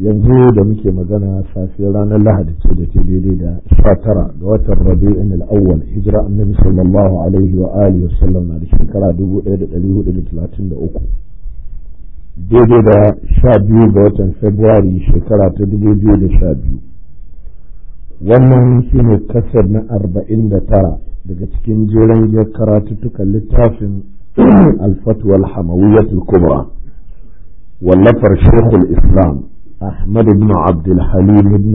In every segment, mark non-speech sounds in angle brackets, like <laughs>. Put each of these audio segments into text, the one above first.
yanzu da muke magana safiyar ranar lahadi ce da ke daidai da sha tara ga watan rabi'in al'awwal hijira annabi sallallahu alaihi wa alihi wasallam na da shekara dubu ɗaya da ɗari hudu da talatin da uku daidai da sha biyu ga watan februari shekara ta dubu biyu da sha biyu wannan shi ne kasar na arba'in da tara daga cikin jeren jiyar karatuttukan littafin <clears throat> alfatwal hamawiyatul kubra wallafar shekul islam Ahmad ibn Abdul Halim ibn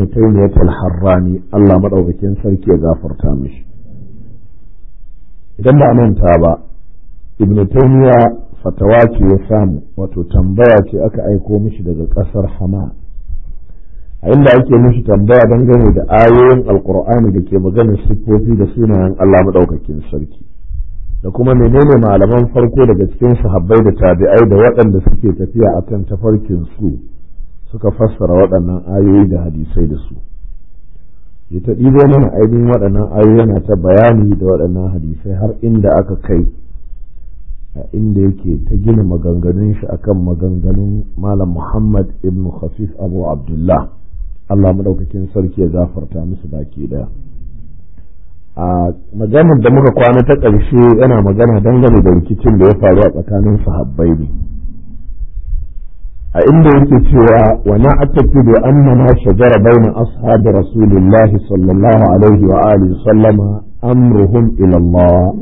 Allah madaukakin sarki ya gafarta mishi idan ba manta ba Ibn Taymiyyah fatawa ce ya samu wato tambaya ce aka aiko mashi daga ƙasar Hama a inda ake mishi tambaya dangane da ayoyin Alƙur'ani da ke maganin siffofi da sunayen Allah madaukakin sarki da kuma menene malaman farko daga cikin sahabbai da tabi'ai da waɗanda suke tafiya a kan tafarkin su suka fassara waɗannan ayoyi da hadisai da su ya ta ɗibo mana ainihin waɗannan ayoyi yana ta bayani da waɗannan hadisai har inda aka kai a inda yake ta gina maganganun shi akan maganganun malam muhammad ibn khafif abu abdullah allah maɗaukakin sarki ya zafarta musu baki ɗaya a maganar da muka kwana ta ƙarshe yana magana dangane da rikicin da ya faru a tsakanin sahabbai ne a inda yake cewa wa na attaqidu annana shajara baina ashabi rasulillahi sallallahu alaihi wa alihi sallama amruhum ila Allah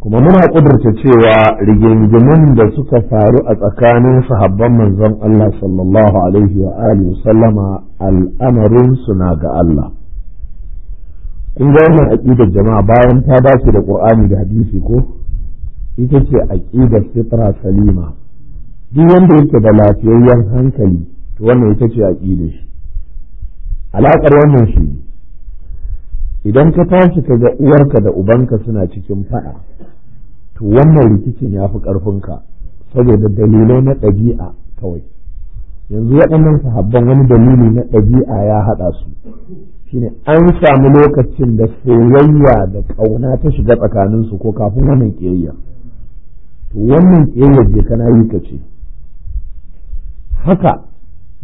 kuma muna kudurta cewa rigingimin da suka faru a tsakanin sahabban manzon Allah sallallahu alaihi wa alihi sallama al'amarin na ga Allah kun ga wannan aqidar jama'a bayan ta dace da Qur'ani da hadisi ko ita ce aqidar fitra salima duk wanda yake da lafiyayyen hankali to wannan ita ce aqida shi Alakar wannan shi idan ka tashi ka ga uwarka da ubanka suna cikin faɗa to wannan rikicin ya fi ƙarfinka saboda dalilai na ɗabi'a kawai yanzu waɗannan sahabban wani dalili na ɗabi'a ya haɗa su shine an samu lokacin da soyayya da ƙauna ta shiga tsakaninsu ko kafin wannan ƙiyayya to wannan ƙiyayyar je kana yi ka ce haka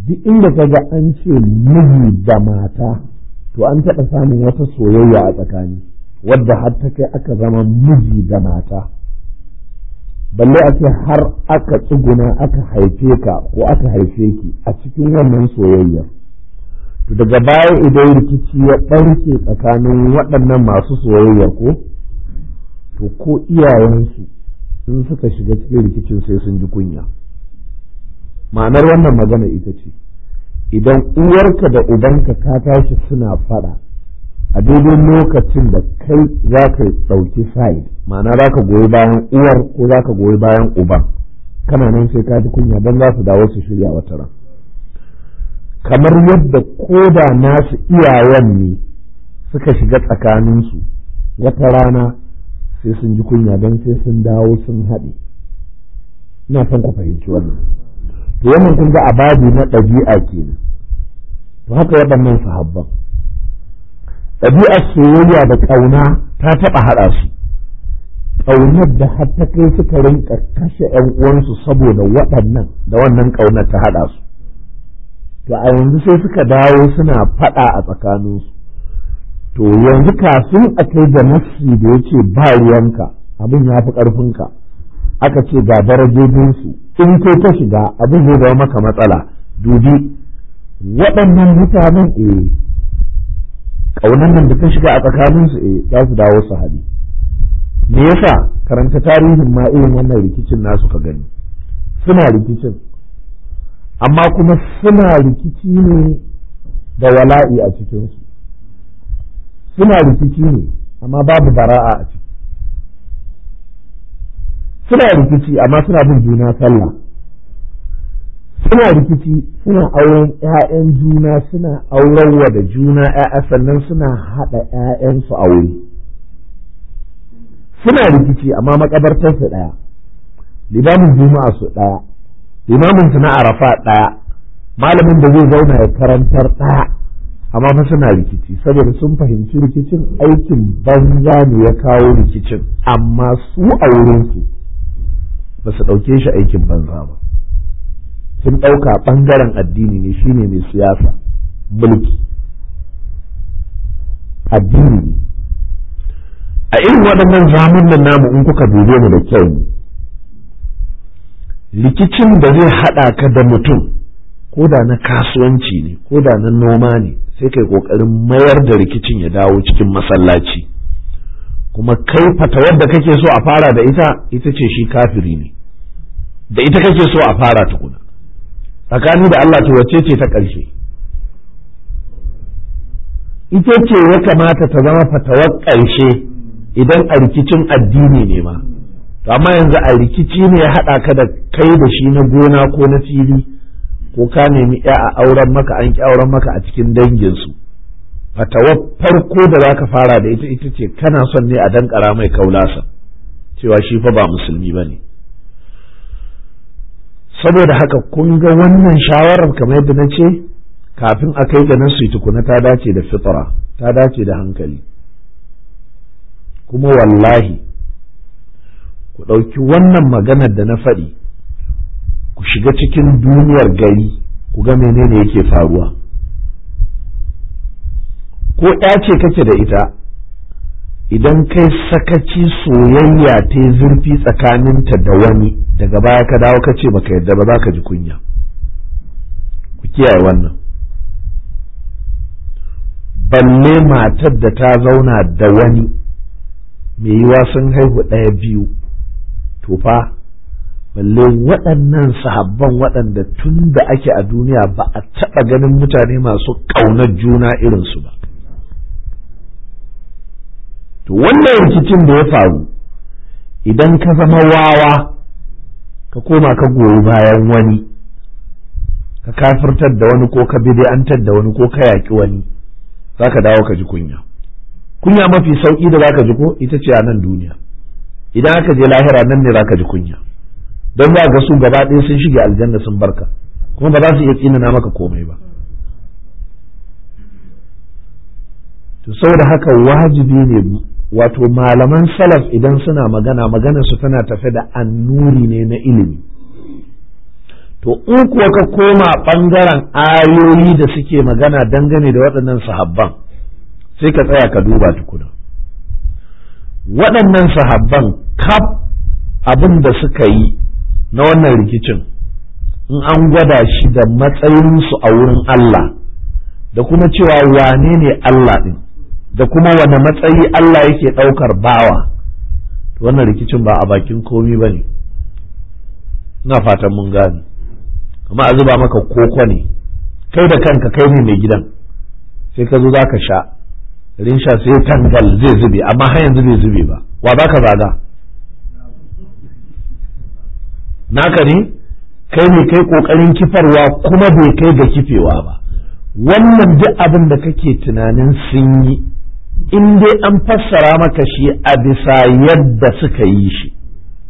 duk inda ka ga an ce miji da mata to an taɓa samun wata soyayya a tsakani wadda har ta kai aka zama miji da mata balle a har aka tsuguna aka haife ka ko aka haife ki a cikin wannan soyayyar to daga baya idan rikici ya ɓarke tsakanin waɗannan masu soyayya ko to ko iyayensu in suka shiga cikin rikicin sai sun ji kunya ma'anar wannan magana ita ce idan uwarka da ubanka ka tashi suna faɗa a daidai lokacin da kai za ka ɗauki side ma'ana za ka goyi bayan uwar ko za ka goyi bayan uban kana nan sai ka ji kunya don za su dawo su shirya wata ran kamar yadda ko da nasu iyayen ne suka shiga tsakaninsu wata rana sai sun ji kunya don sai sun dawo sun haɗe ina son ka fahimci wannan to wannan kun ga abadi na ɗabi'a kenan to haka waɗannan sahabban ɗabi'ar soyayya da ƙauna ta taɓa haɗa su ƙaunar da har ta kai suka rinka kashe ‘yan uwansu saboda waɗannan da wannan ƙaunar ta haɗa su to a yanzu sai suka dawo suna faɗa a tsakaninsu to yanzu kafin a kai da nassi da yake ba ruwanka abin ya fi ƙarfinka aka ce ga darajojinsu in ko ta shiga abin zai zama maka matsala dubi waɗannan mutanen eh ƙaunar nan da ta shiga a tsakaninsu eh za su dawo su haɗu me yasa karanta tarihin ma irin wannan rikicin nasu ka gani suna rikicin amma kuma suna rikici ne da wala'i a cikinsu suna rikici ne amma babu bara'a a ciki suna rikici amma suna bin juna sallah suna rikici suna auren ‘ya'yan juna suna auren da juna ‘ya'ya sannan suna haɗa ‘ya'yansu wuri. suna rikici amma makabartarsu ɗaya limamin juma'a su ɗaya limamin su na arafa ɗaya malamin da zai zauna ya karantar ɗaya amma fa suna rikici saboda sun fahimci rikicin aikin banza ne ya kawo rikicin amma su a wurinsu ba su ɗauke shi aikin banza ba sun ɗauka ɓangaren addini ne shine mai siyasa mulki addini ne a irin waɗannan nan namu in kuka dube mu da kyau rikicin da zai haɗa ka da mutum ko da na kasuwanci ne ko da na noma ne sai kai ƙoƙarin mayar da rikicin ya dawo cikin masallaci kuma kai fatawar da kake so a fara da ita ita ce shi kafiri ne da ita kake so a fara tukuna tsakani da Allah to wacce ce ta ƙarshe ita ce ya kamata ta zama fatawar ƙarshe idan a rikicin addini ne ma to amma yanzu a rikici ne ya haɗa ka da kai da shi na gona ko na fili ko ka nemi ya a auren maka an ƙi auren maka a cikin danginsu fatawa farko da za ka fara da ita ita ce kana son ne a dankara mai kaulasa cewa shi fa ba musulmi ba ne saboda haka kun ga wannan shawarar kamar yadda na ce kafin a kai ga yi tukuna ta dace da fitra ta dace da hankali kuma wallahi ku ɗauki wannan maganar da na faɗi ku shiga cikin duniyar gari ku ga menene yake faruwa ko ya ce kake da ita idan kai sakaci soyayya ta zurfi tsakaninta da wani daga baya ka dawo ka ce baka yadda ba za ka ji kunya ku kiyaye wannan balle matar da ta zauna da wani mai yiwa sun haihu ɗaya biyu to fa balle waɗannan sahabban waɗanda tun da ake a duniya ba a taɓa ganin mutane masu ƙaunar juna irinsu ba to wannan rikicin da ya faru idan ka zama wawa ka koma ka goyi bayan wani ka kafirtar da wani ko ka bid'antar da wani ko ka yaƙi wani za ka dawo ka ji kunya kunya mafi sauƙi da za ka ji ko ita ce a nan duniya idan aka je lahira nan ne za ka ji kunya don za ga su gaba ɗaya sun shige aljanna sun barka kuma ba za su iya tsinana maka komai ba to saboda haka wajibi ne wato malaman salaf idan suna magana magana su tana tafe da annuri ne na ilimi to in kuwa ka koma ɓangaren ayoyi da suke magana dangane da waɗannan sahabban sai ka tsaya ka duba tukuna waɗannan sahabban kaf abin da suka yi na wannan rikicin in an gwada shi da matsayinsu a wurin Allah da kuma cewa wane ne Allah ɗin da kuma wani matsayi Allah yake ɗaukar bawa wannan rikicin ba a bakin komi ba ne ina fatan mun gane amma a zuba maka koko ne kai da kanka kai ne mai gidan sai ka zo za ka sha rinsha sai tangal zai zube amma har yanzu bai zube ba wa za ka zaga naka ne kai ne kai kokarin kifarwa kuma bai kai ga kifewa ba wannan duk abin da kake tunanin sun yi in dai an fassara maka shi a bisa yadda suka yi shi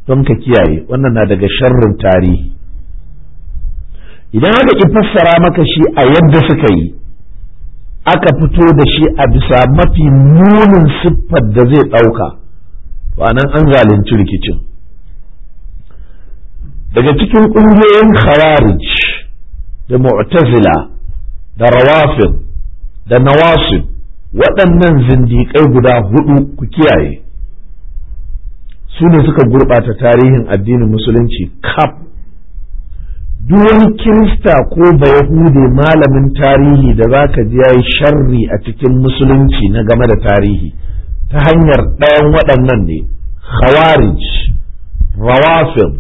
don ka kiyaye wannan na daga sharrin tarihi idan aka ki fassara maka shi a yadda suka yi aka fito da shi a bisa mafi munin siffar da zai ɗauka nan an zalunci rikicin daga cikin ƙungiyoyin khawarij da mu'tazila da rawafin da nawasib waɗannan zindiƙai guda hudu ku kiyaye su ne suka gurɓata tarihin addinin musulunci kaf duk wani kirista ko bayahude malamin tarihi da za ka ji ya yi sharri a cikin musulunci na game da tarihi ta hanyar ɗayan waɗannan ne khawarij rawafid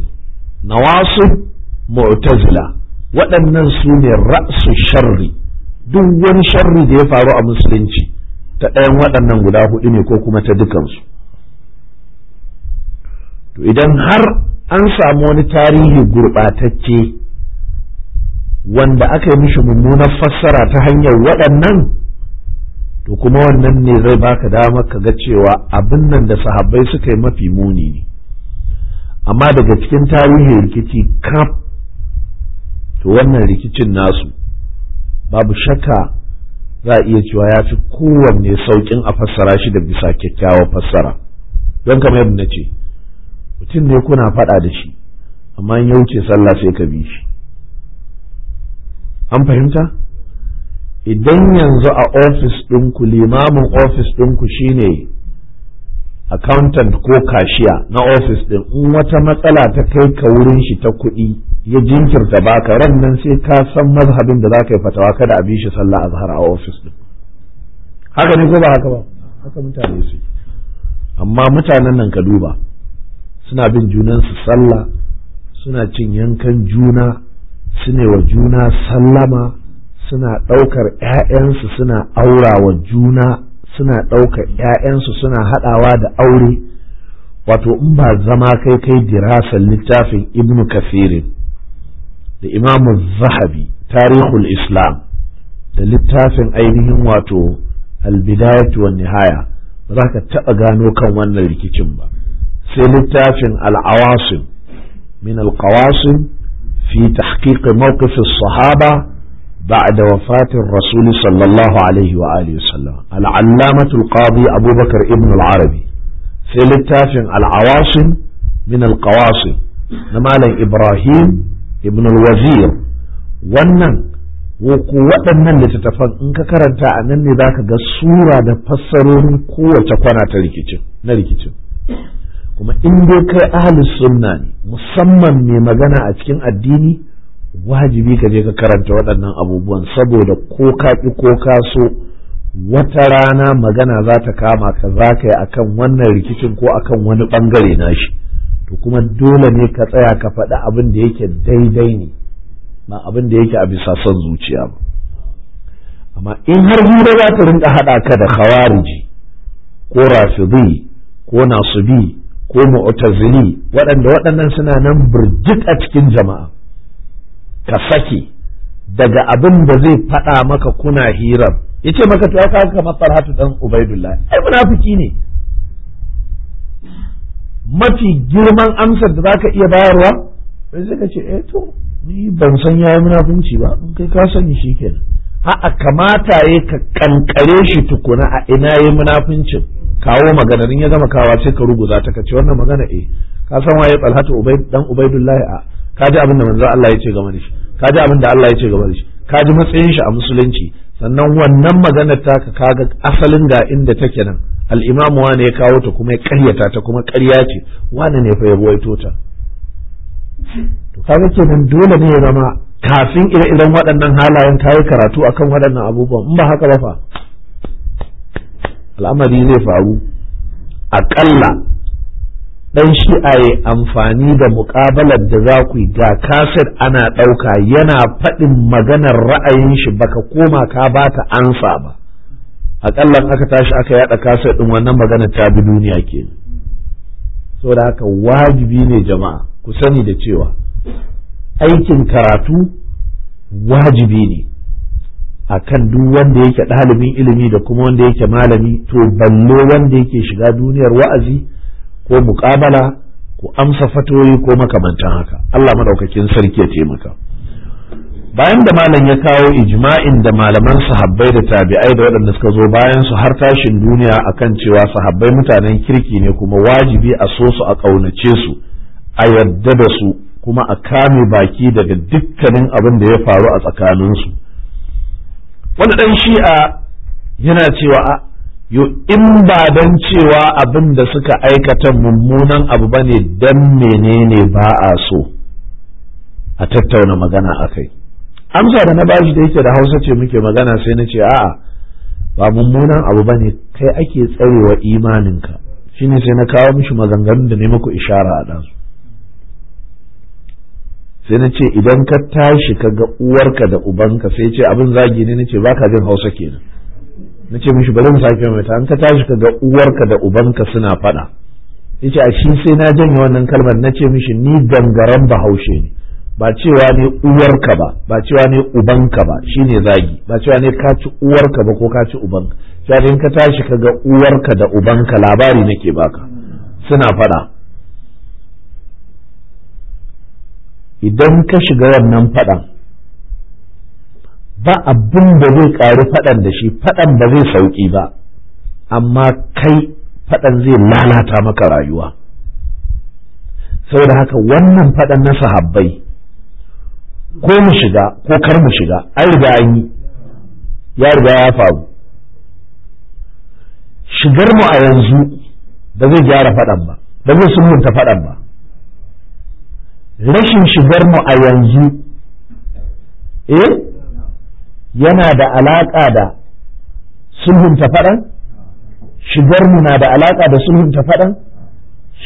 nawasu mu'tazila waɗannan su ne ra'su sharri duk wani sharri da ya faru a musulunci ta ɗayan waɗannan guda huɗu ne ko kuma ta dukansu to idan har an samu wani tarihi gurɓatacce wanda aka yi mishi mummunar fassara ta hanyar waɗannan to kuma wannan ne zai baka dama ka ga cewa abin nan da sahabbai suka yi mafi muni ne amma daga cikin tarihin rikici kaf to wannan rikicin nasu babu shakka za a iya cewa ya fi kowanne sauƙin a fassara shi da bisa kyakkyawar fassara don kamar yadda na ce mutum ne kuna faɗa da shi amma in ya wuce sallah sai ka bi shi an fahimta idan yanzu a ofis ɗinku limamin ofis ɗinku shine accountant ko kashiya na ofis ɗin in wata matsala ta kai ka wurin shi ta kuɗi ya jinkirta baka ran nan sai ka san mazhabin da zaka yi fatawa kada a bi shi sallah azhar a office din haka ne ko ba haka ba haka mutane su amma mutanen nan ka duba suna bin junan su sallah suna cin yankan juna suna wa juna sallama suna ɗaukar ‘ya'yansu suna aura wa juna suna ɗaukar ‘ya'yansu suna haɗawa da aure wato in ba zama kai kai dirasar littafin ibnu kafirin da imamun zahabi tarihul islam da littafin ainihin wato albidayatu wa nihaya ba za ka taɓa gano kan wannan rikicin ba sai littafin al'awasin min alƙawasin fi tahqiqi mawqifis sahaba ba'da wafatin rasul sallallahu alaihi wa alihi wasallam al'allamatul qadi abubakar ibn al-arabi sai littafin al'awasin min alƙawasin na malam ibrahim ibn al-wazir wannan ko waɗannan littattafan in ka karanta a nan ne za ka ga sura da fassarorin kowace kwana ta rikicin na rikicin kuma in dai kai ahli sunna ne musamman mai magana a cikin addini wajibi ka je ka karanta waɗannan abubuwan saboda ko ka ƙi ko ka so wata rana magana za ta kama ka za ka yi akan wannan rikicin ko akan wani bangare nashi. to kuma dole ne ka tsaya ka faɗi abin da yake daidai ne ba abin da yake a bisa son zuciya ba amma in har hura za ta rinka haɗa ka da khawariji ko rafidi ko nasubi ko mu'tazili waɗanda waɗannan suna nan birjik a cikin jama'a ka sake daga abin da zai faɗa maka kuna hirar yace maka to ka kamar farhatu dan ubaidullah ai munafiki ne mafi girman amsar da zaka iya bayarwa sai ka ce eh to ni ban san yayi munafunci ba in kai ka sani shikenan Ha'a kamata ya ka kankare shi tukuna a ina yayi munafuncin kawo maganarin ya gama kawa sai ka rubuta ta kace wannan magana eh ka san waye balhatu ubay dan Ubaidullahi a ka ji abin da manzo Allah ya ce game da shi ka ji abin da Allah ya ce game da shi ka ji matsayin shi a musulunci sannan wannan maganar ka kaga asalin ga inda take nan al'imamu wane ya kawo ta kuma ya karyata ta kuma karya ce wane ne fa ya ruwaito ta to kaga kenan dole ne ya zama kafin ire-iren waɗannan halayen yi karatu akan waɗannan abubuwan in ba haka ba fa al'amari zai faru aƙalla dan a yi amfani da muƙabalar da za ku yi ga kaset ana ɗauka yana faɗin maganar ra'ayin shi baka koma ka ba ta ansa ba aƙallan aka tashi aka yaɗa kaset ɗin wannan magana ta bi duniya ke saboda haka wajibi ne jama'a ku sani da cewa aikin karatu wajibi ne a kan duk wanda yake ɗalibin ilimi da kuma wanda yake malami to balle wanda yake shiga duniyar wa'azi ko muƙabala ko amsa fatoyi ko makamantan haka Allah madaukakin sarki ya taimaka bayan da malam ya kawo ijma'in da malaman sahabbai da tabi'ai da waɗanda suka zo bayan su har tashin duniya akan cewa sahabbai mutanen kirki ne kuma wajibi a so su a ƙaunace su a yarda da su kuma a kame baki daga dukkanin abin da ya faru a tsakaninsu wani ɗan shi'a yana cewa yo in ba dan cewa abin da suka aikata mummunan abu ba ne dan menene ba a so a tattauna magana a kai amsa da na bashi da yake da hausa ce muke magana sai na ce a'a ba mummunan abu ba ne kai ake tsarewa imaninka shine sai na kawo mishi maganganun da ne muku ishara a ɗazu sai na ce idan ka tashi ka ga uwarka da ubanka sai ce abin zagi ne na ce baka jin hausa kenan na ce mishi bari mu sake mai an ka tashi ka ga uwarka da ubanka suna faɗa ya ce a shi sai na janye wannan kalmar na ce mishi ni gangaren bahaushe ne ba cewa ne uwarka ba ba cewa ne ubanka ba shine zagi ba cewa ne ka ci uwarka ba ko ka ci ubanka cewa in ka tashi ka ga uwarka da ubanka labari nake baka suna faɗa idan ka shiga wannan faɗan ba abin da zai ƙari faɗan da shi faɗan ba zai sauƙi ba amma kai faɗan zai lalata maka rayuwa saboda haka wannan faɗan na sahabbai ko mu shiga ko kar mu shiga an riga an yi ya riga ya faru shigar mu a yanzu ba zai gyara faɗan ba ba zai sumunta faɗan ba rashin shigar mu a yanzu eh yana da alaƙa da sulhunta faɗan shigar na da alaƙa da sulhunta faɗan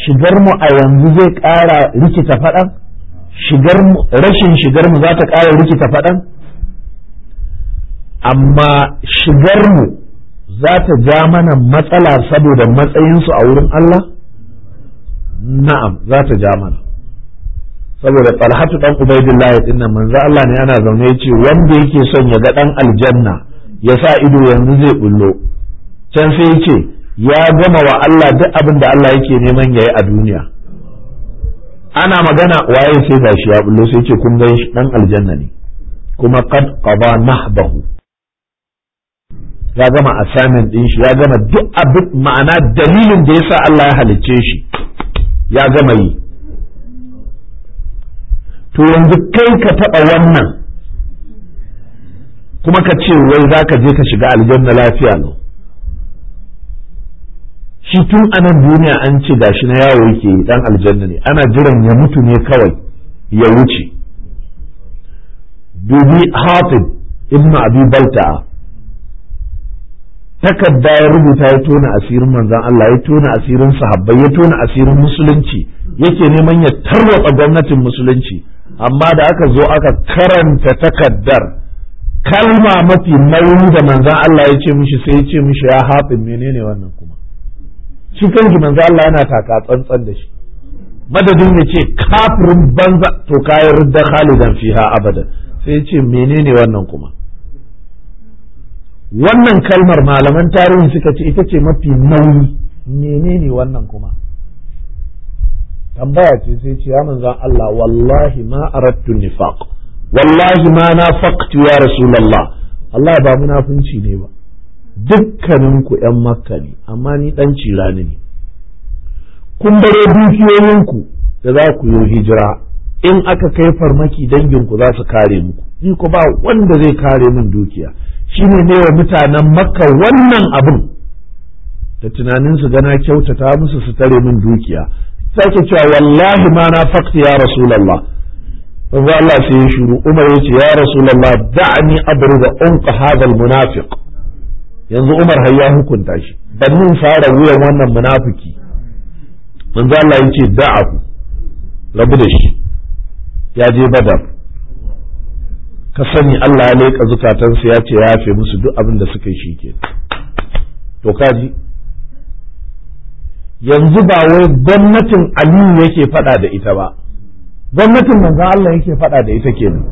shigarmu a yanzu zai ƙara rikita faɗan rashin shigar mu za ta ƙara rikita faɗan amma shigar mu za ta ja mana matsala saboda matsayinsu a wurin Allah na'am za ta ja mana saboda talhatu dan ubaidillahi din nan manzo Allah ne ana zaune yace wanda yake son ya ga dan aljanna ya sa ido yanzu zai bullo can sai yace ya gama wa Allah duk abin da Allah yake neman yayi a duniya ana magana waye sai gashi ya bullo sai yace kun gan dan aljanna ne kuma qad qada nahbahu ya gama assignment din shi ya gama duk abin ma'ana dalilin da yasa Allah ya halicce shi ya gama yi to yanzu kai ka taɓa wannan kuma ka ce wai za ka je ka shiga aljanna lafiya ne? shi tun a duniya an ce gashi na yawo yake dan aljanna ne ana jiran ya mutu ne kawai ya wuce dubi hafid ibn abi balta takarda ya rubuta ya tona asirin manzan Allah ya tona asirin sahabbai ya tona asirin musulunci yake neman ya tarwatsa gwamnatin musulunci amma da aka zo aka karanta takaddar kalma mafi nauyi da manzan Allah ya ce mishi sai ya ce mishi ya hafin menene wannan kuma shi kanki manzan Allah yana taka tsantsan da shi madadin ya ce kafirin banza to kayar ridda khalidan fiha abada sai ya ce menene wannan kuma wannan kalmar malaman tarihi suka ce ita ce mafi nauyi menene wannan kuma tambaya ce sai ce ya manzan Allah wallahi ma arattu nifaq wallahi ma nafaqtu ya rasulullah Allah ba munafunci ne ba dukkanin ku ƴan makka ne amma ni dan cirani ne kun bare dukiyoyin ku da za ku yi hijira in aka kai farmaki dangin ku za su kare muku ni ku ba wanda zai kare min dukiya shine ne wa mutanen makka wannan abin da tunanin su gana kyautata musu su tare min dukiya sai ke cewa wallahi ma na fakti ya rasulullah wanda Allah sai ya shiru Umar ya ce ya rasulullah da'ni da unqa hadha almunafiq yanzu Umar har ya hukunta shi dan mun fara wuyan wannan munafiki manzo Allah ya ce da'ahu rabu da shi ya je badar ka sani Allah ya leƙa zukatansu ya ce ya yafe musu duk abin da suka yi shi ke to kaji yanzu ba wai gwamnatin aliyu yake faɗa da ita ba gwamnatin manzon Allah yake faɗa da ita kenan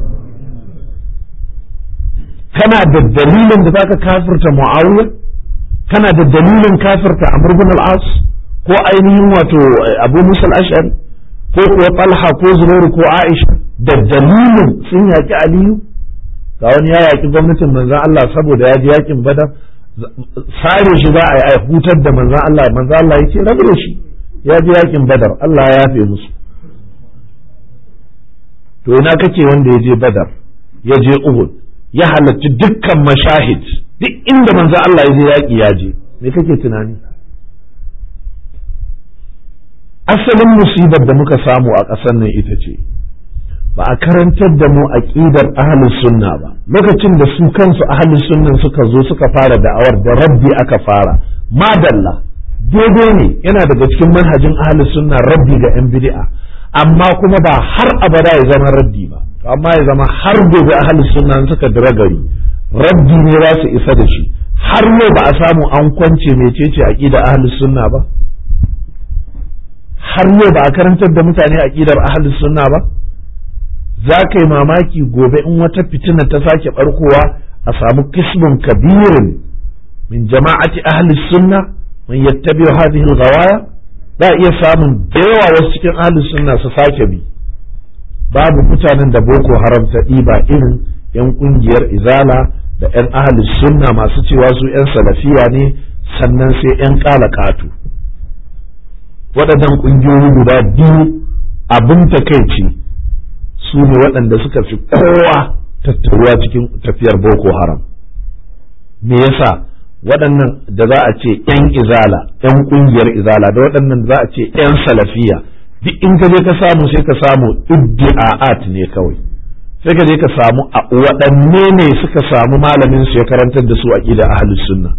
kana da dalilin da zaka kafirta muawiya kana da dalilin kafirta amr ibn al-as ko ainihin wato eh, abu musa al ko ko talha ko zurairu ko aisha da dalilin sun yaƙi aliyu ga wani ya yaƙi gwamnatin manzan Allah saboda ya ji yaƙin badar sare shi za a yi hutar da manzan Allah manzan Allah ya ce rabu da shi ya ji yakin badar Allah ya fi musu to ina kake wanda ya je badar ya je uhud ya halarci dukkan mashahid duk inda manzan Allah ya je yaƙi ya je me kake tunani asalin musibar da muka samu a ƙasar nan ita ce ba a karantar da mu aqidar ahalin sunna ba lokacin da su kansu ahalin sunnan suka zo suka fara da'awar da rabbi aka fara madalla dogo ne yana daga cikin manhajin ahalin sunna rabbi ga yan bid'a amma kuma ba har abada ya zama rabbi ba amma ya zama har gobe ahalin sunna suka dira gari ne za su isa da shi har yau ba a samu an kwance mecece aqida ahlus sunna ba har yau ba a karantar da mutane aqidar ahlus sunna ba za ka yi mamaki gobe in wata fitina ta sake barkowa a samu kismin kabirin min jama'ati ahli sunna min yattabi hadhihi al-ghawaya da iya samun da wasu cikin ahli sunna su sake bi babu mutanen da boko haram ta ɗiba irin yan kungiyar izala da yan ahli sunna masu cewa su yan salafiya ne sannan sai yan kalakatu waɗannan ƙungiyoyi guda biyu abin takaici su ne waɗanda suka fi kowa tattaruwa cikin tafiyar boko haram me yasa waɗannan da za a ce 'yan izala 'yan ƙungiyar izala da waɗannan za a ce 'yan salafiya duk in ka je ka samu sai ka samu iddi'a'at ne kawai sai ka je ka samu a waɗanne ne suka samu malamin su ya karantar da su aqida ahlus sunna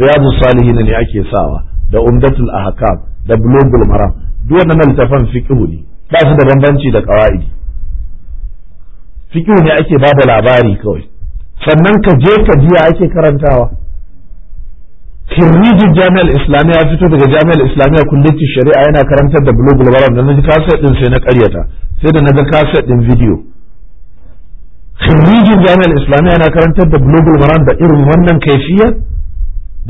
riyadu salihin ne ake sawa da umdatul ahkam da bulugul maram duk waɗannan littafan fiqhu ne ba su da bambanci da qawaidi fiqh ne ake ba da labari kawai sannan ka je ka jiya ake karantawa kirriji jami'ar islamiyya ya fito daga jami'ar islamiyya kullum shari'a yana karantar da bulogul baram da naji kaset din sai na karyata sai da na ga kaset din bidiyo kirrijin jami'ar islamiyya yana karantar da bulogul baram da irin wannan kaifiyar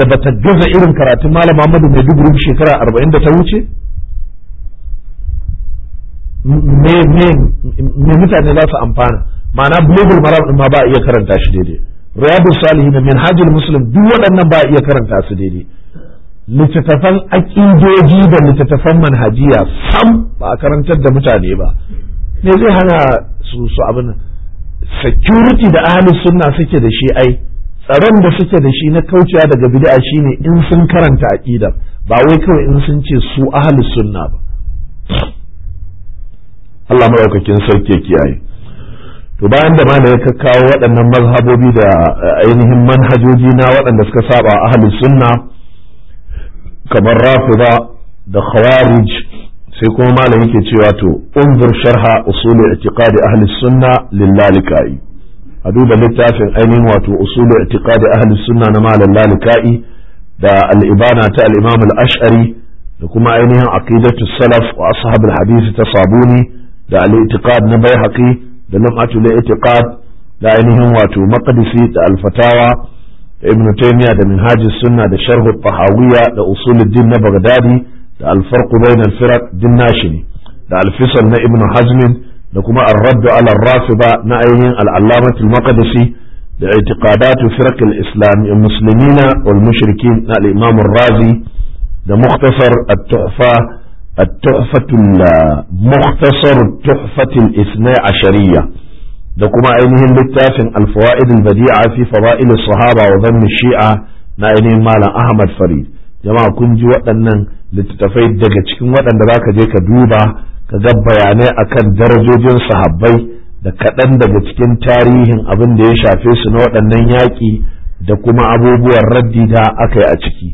da bata gaza irin karatun malam Muhammadu Maiduguri shekara arba'in da ta wuce me mutane za su amfana ma'ana bulugul maram ma ba iya karanta shi daidai riyadu salihin minhajul muslim duk waɗannan ba iya karanta su daidai littattafan aƙidoji da littattafan manhajiya sam ba a karantar da mutane ba me zai hana su su abin security da ahli sunna suke da shi ai tsaron da suke da shi na kaucewa daga bid'a shine in sun karanta aqida ba wai kawai in sun ce su ahli sunna ba Allah madaukakin sarki kiyaye bayan da malam ya kakkawo waɗannan mazhabobi da eh, ainihin manhajoji na waɗanda suka saba ahlus sunna kamar rafida da khawarij sai kuma malam yake cewa to unzur sharha usul i'tiqad ahli sunna lillalikai a duba littafin ainihin wato usul i'tiqad ahli sunna na malam lalikai da al-ibana ta al-imam al-ash'ari da kuma ainihin aqidatu salaf wa ashabul hadith ta sabuni da al-i'tiqad na baihaqi da lum'atul i'tiqad da ainihin wato maqdisi da alfatawa da ibn taymiya da minhaji sunna da sharh tahawiyya da usuluddin na bagdadi da al-farq bain al-firaq din nashini da al-fisal na ibn hazm da kuma ar-radd ala ar-rafida na ainihin al-allamah al-maqdisi da i'tiqadatu firaq al-islam al-muslimina wal mushrikin na al-imam ar-razi da mukhtasar at-tuhfa التحفة مختصر التحفة a shari'a da kuma ainihin littafin alfawa'id albadi'a fi fada'il sahaba wa dhanni shi'a na ainihin malam Ahmad Farid jama'a kun ji waɗannan littattafai daga cikin waɗanda za ka je ka duba ka ga bayanai akan darajojin sahabbai da kaɗan daga cikin tarihin abin da ya shafe su na waɗannan yaƙi da kuma abubuwan raddi da aka yi a ciki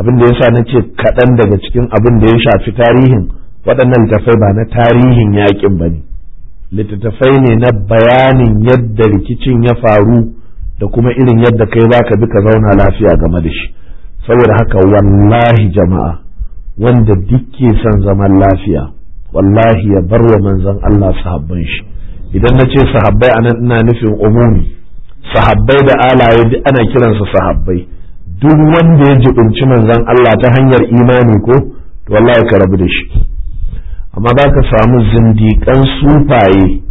abin da ya sa na ce kaɗan daga cikin abin da ya shafi tarihin waɗannan littattafai ba na tarihin yaƙin ba ne littattafai ne na bayanin yadda rikicin ya faru da kuma irin yadda kai ba ka bi ka zauna lafiya game da shi saboda haka wallahi jama'a wanda dukke son zaman lafiya wallahi ya bar wa manzon Allah sahabban shi idan na ce sahabbai anan ina nufin umumi sahabbai da alaye duk ana kiransu sahabbai duk wanda ya jibinci manzan Allah ta hanyar imani ko to wallahi ka rabu da shi amma za ka samu zindiƙan sufaye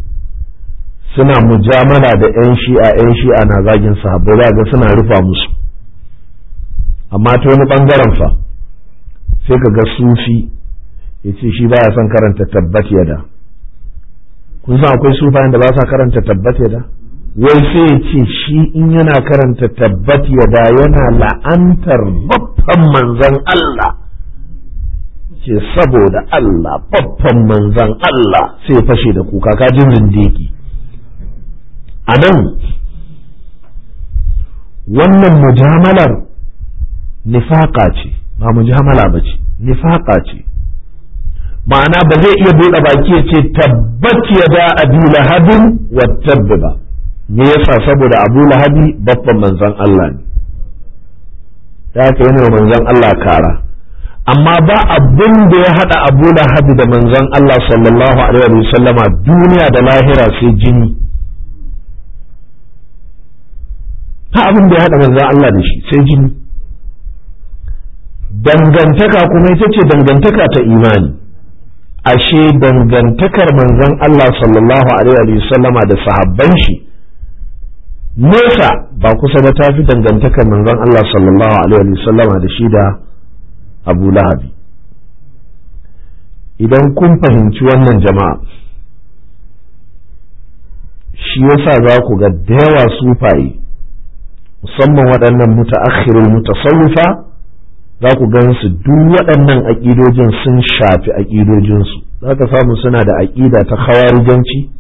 suna mujamala da 'yan shi'a 'yan shi'a na zagin sahabbai za ga suna rufa musu amma ta wani ɓangaren fa sai ka ga sufi ya ce shi ba ya son karanta tabbat yada kun san akwai sufayen da ba sa karanta tabbat yada wai sai ya ce shi in yana karanta tabbat da yana la'antar babban manzan Allah ce saboda Allah babban manzan Allah sai fashe da kuka kajin zindiki a nan wannan mujamalar nifaka ce ba mujamala ba ce nifaka ce ma'ana ba zai iya buɗe baki ya ce tabbat da abu lahabin wa ba me yasa saboda abu lahabi babban manzon Allah ne ta haka yana manzon Allah kara amma ba abin da ya haɗa abu lahabi da manzon Allah sallallahu alaihi wa sallama duniya da lahira sai jini ha abin da ya haɗa manzon Allah da shi sai jini dangantaka kuma ita ce dangantaka ta imani ashe dangantakar manzon Allah sallallahu alaihi wa sallama da sahabban shi nesa ba kusa ba ta fi dangantakar manzon Allah sallallahu alaihi sallama da shi da Abu Lahabi idan kun fahimci wannan jama'a shi yasa za ku ga da yawa sufaye musamman waɗannan muta'akhirul mutasawwifa za ku gan su duk waɗannan aƙidojin sun shafi aƙidojinsu za ka samu suna da aƙida ta khawarijanci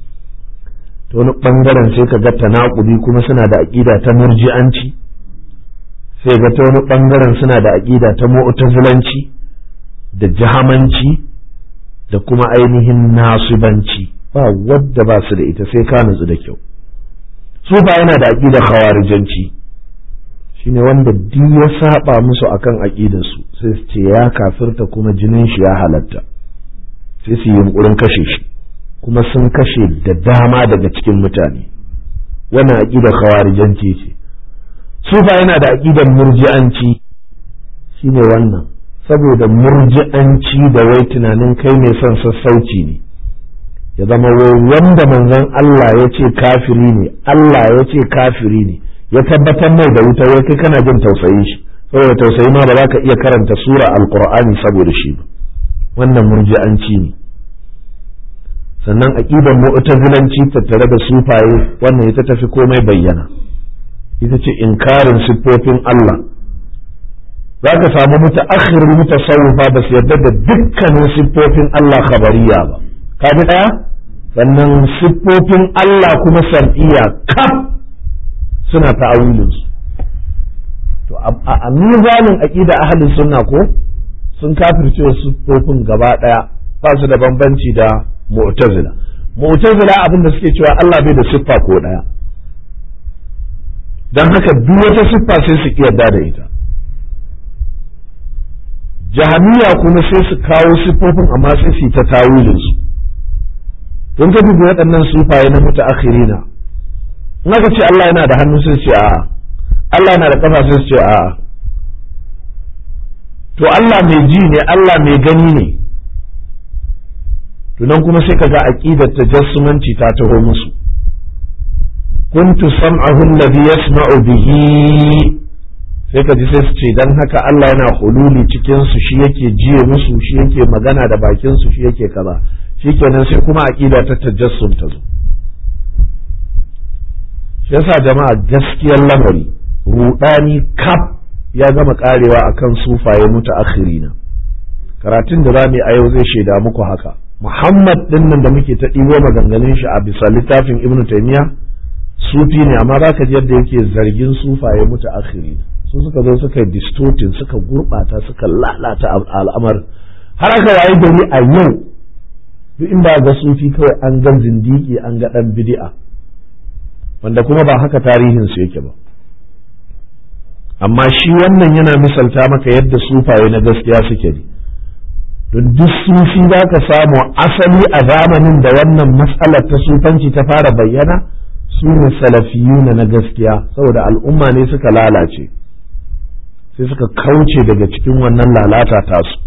ta wani ɓangaren sai ka ga naƙudi kuma suna da aƙida ta murji'anci sai ga ta wani ɓangaren suna da aƙida ta mu'tazilanci da jahamanci da kuma ainihin nasibanci ba wadda ba su da ita sai ka nutsu da kyau su ba yana da aƙida Shi ne wanda duk ya saɓa musu akan aƙidar su sai su ce ya kafirta kuma jinin shi ya halatta sai su yi yunƙurin kashe shi kuma sun kashe da dama daga cikin mutane wannan aƙidar khawarijanci ce sufa yana da aƙidar murji'anci shine wannan saboda murji'anci da wai tunanin kai mai son sassauci ne ya zama wai wanda manzon Allah ya ce kafiri ne Allah ya ce kafiri ne ya tabbatar mai da wuta wai kai kana jin tausayin shi saboda tausayi ma ba za ka iya karanta sura alqur'ani saboda shi ba wannan murji'anci ne sannan aqidar mu'tazilanci tattare da sufaye wannan ita ta fi komai bayyana ita ce inkarin siffofin Allah za ka samu muta'akhirul mutasawwifa ba su yarda da dukkanin siffofin Allah khabariya ba ka ji daya sannan siffofin Allah kuma sam'iyya kaf suna ta'awilin su to a mizanin aqida ahlus sunna ko sun kafirce siffofin gaba daya ba su da bambanci da mu'tazila mu'tazila abin da suke cewa Allah bai da siffa ko daya dan haka duk wata siffa sai su yarda da ita jahamiya kuma sai su kawo siffofin amma sai su ta tawilin su don ka dubi waɗannan sufaye na mutaakhirina in aka ce Allah yana da hannu sai ce a'a Allah yana da kafa sai ce a'a to Allah mai ji ne Allah mai gani ne tunan kuma sai kaga aqidar tajassumanci ta taho musu kuntu sam'ahu alladhi yasma'u bihi sai ka ji sai su ce dan haka Allah yana hululi cikin su shi yake jiye musu shi yake magana da bakin su shi yake kaza shikenan sai kuma aqida ta tajassum ta zo yasa jama'a gaskiyar lamari rudani kaf ya gama karewa akan sufaye mutaakhirina karatun da zamu yi a yau zai shaida muku haka muhammad din nan da muke ta ɗibo maganganun shi a bisa littafin ibnu Taymiyyah sufi ne amma za ka ji yadda yake zargin sufaye muta akhiri su suka zo suka distortin suka gurɓata suka lalata al'amar har aka waye gari a yau duk inda ga sufi kawai an ga zindiki an ga ɗan bidi'a wanda kuma ba haka tarihin su yake ba amma shi wannan yana misalta maka yadda sufaye na gaskiya suke ne don duk sufi za ka samu asali a zamanin da wannan matsalar ta sufanci ta fara bayyana su ne salafiyuna na gaskiya saboda al'umma ne suka lalace sai suka kauce daga cikin wannan lalata tasu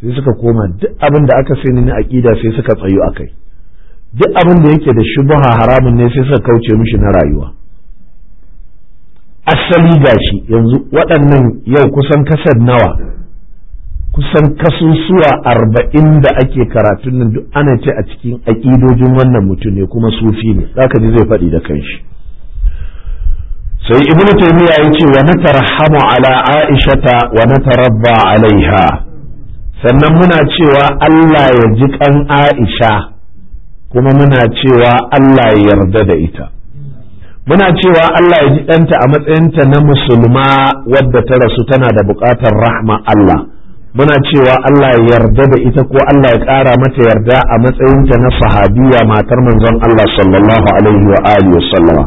sai suka koma duk abin da aka sani na aƙida sai suka tsayu a kai duk abin da yake da shubuha haramun ne sai suka kauce mishi na rayuwa asali gashi yanzu waɗannan yau kusan kasar nawa kusan kasusuwa arba'in da ake karatun nan duk ana ce a cikin aƙidojin wannan mutum ne kuma sufi ne zaka ji zai faɗi da kanshi sai ibnu taymiya ce wa natarhamu ala aishata wa natarabba alaiha sannan muna cewa Allah ya ji kan Aisha kuma muna cewa Allah ya yarda da ita muna cewa Allah ya ji ɗanta a matsayinta na musulma wadda ta rasu tana da buƙatar rahma Allah muna cewa Allah ya yarda da ita ko Allah ya ƙara mata yarda a matsayinta na sahabiya matar manzon Allah sallallahu alaihi wa alihi wa sallama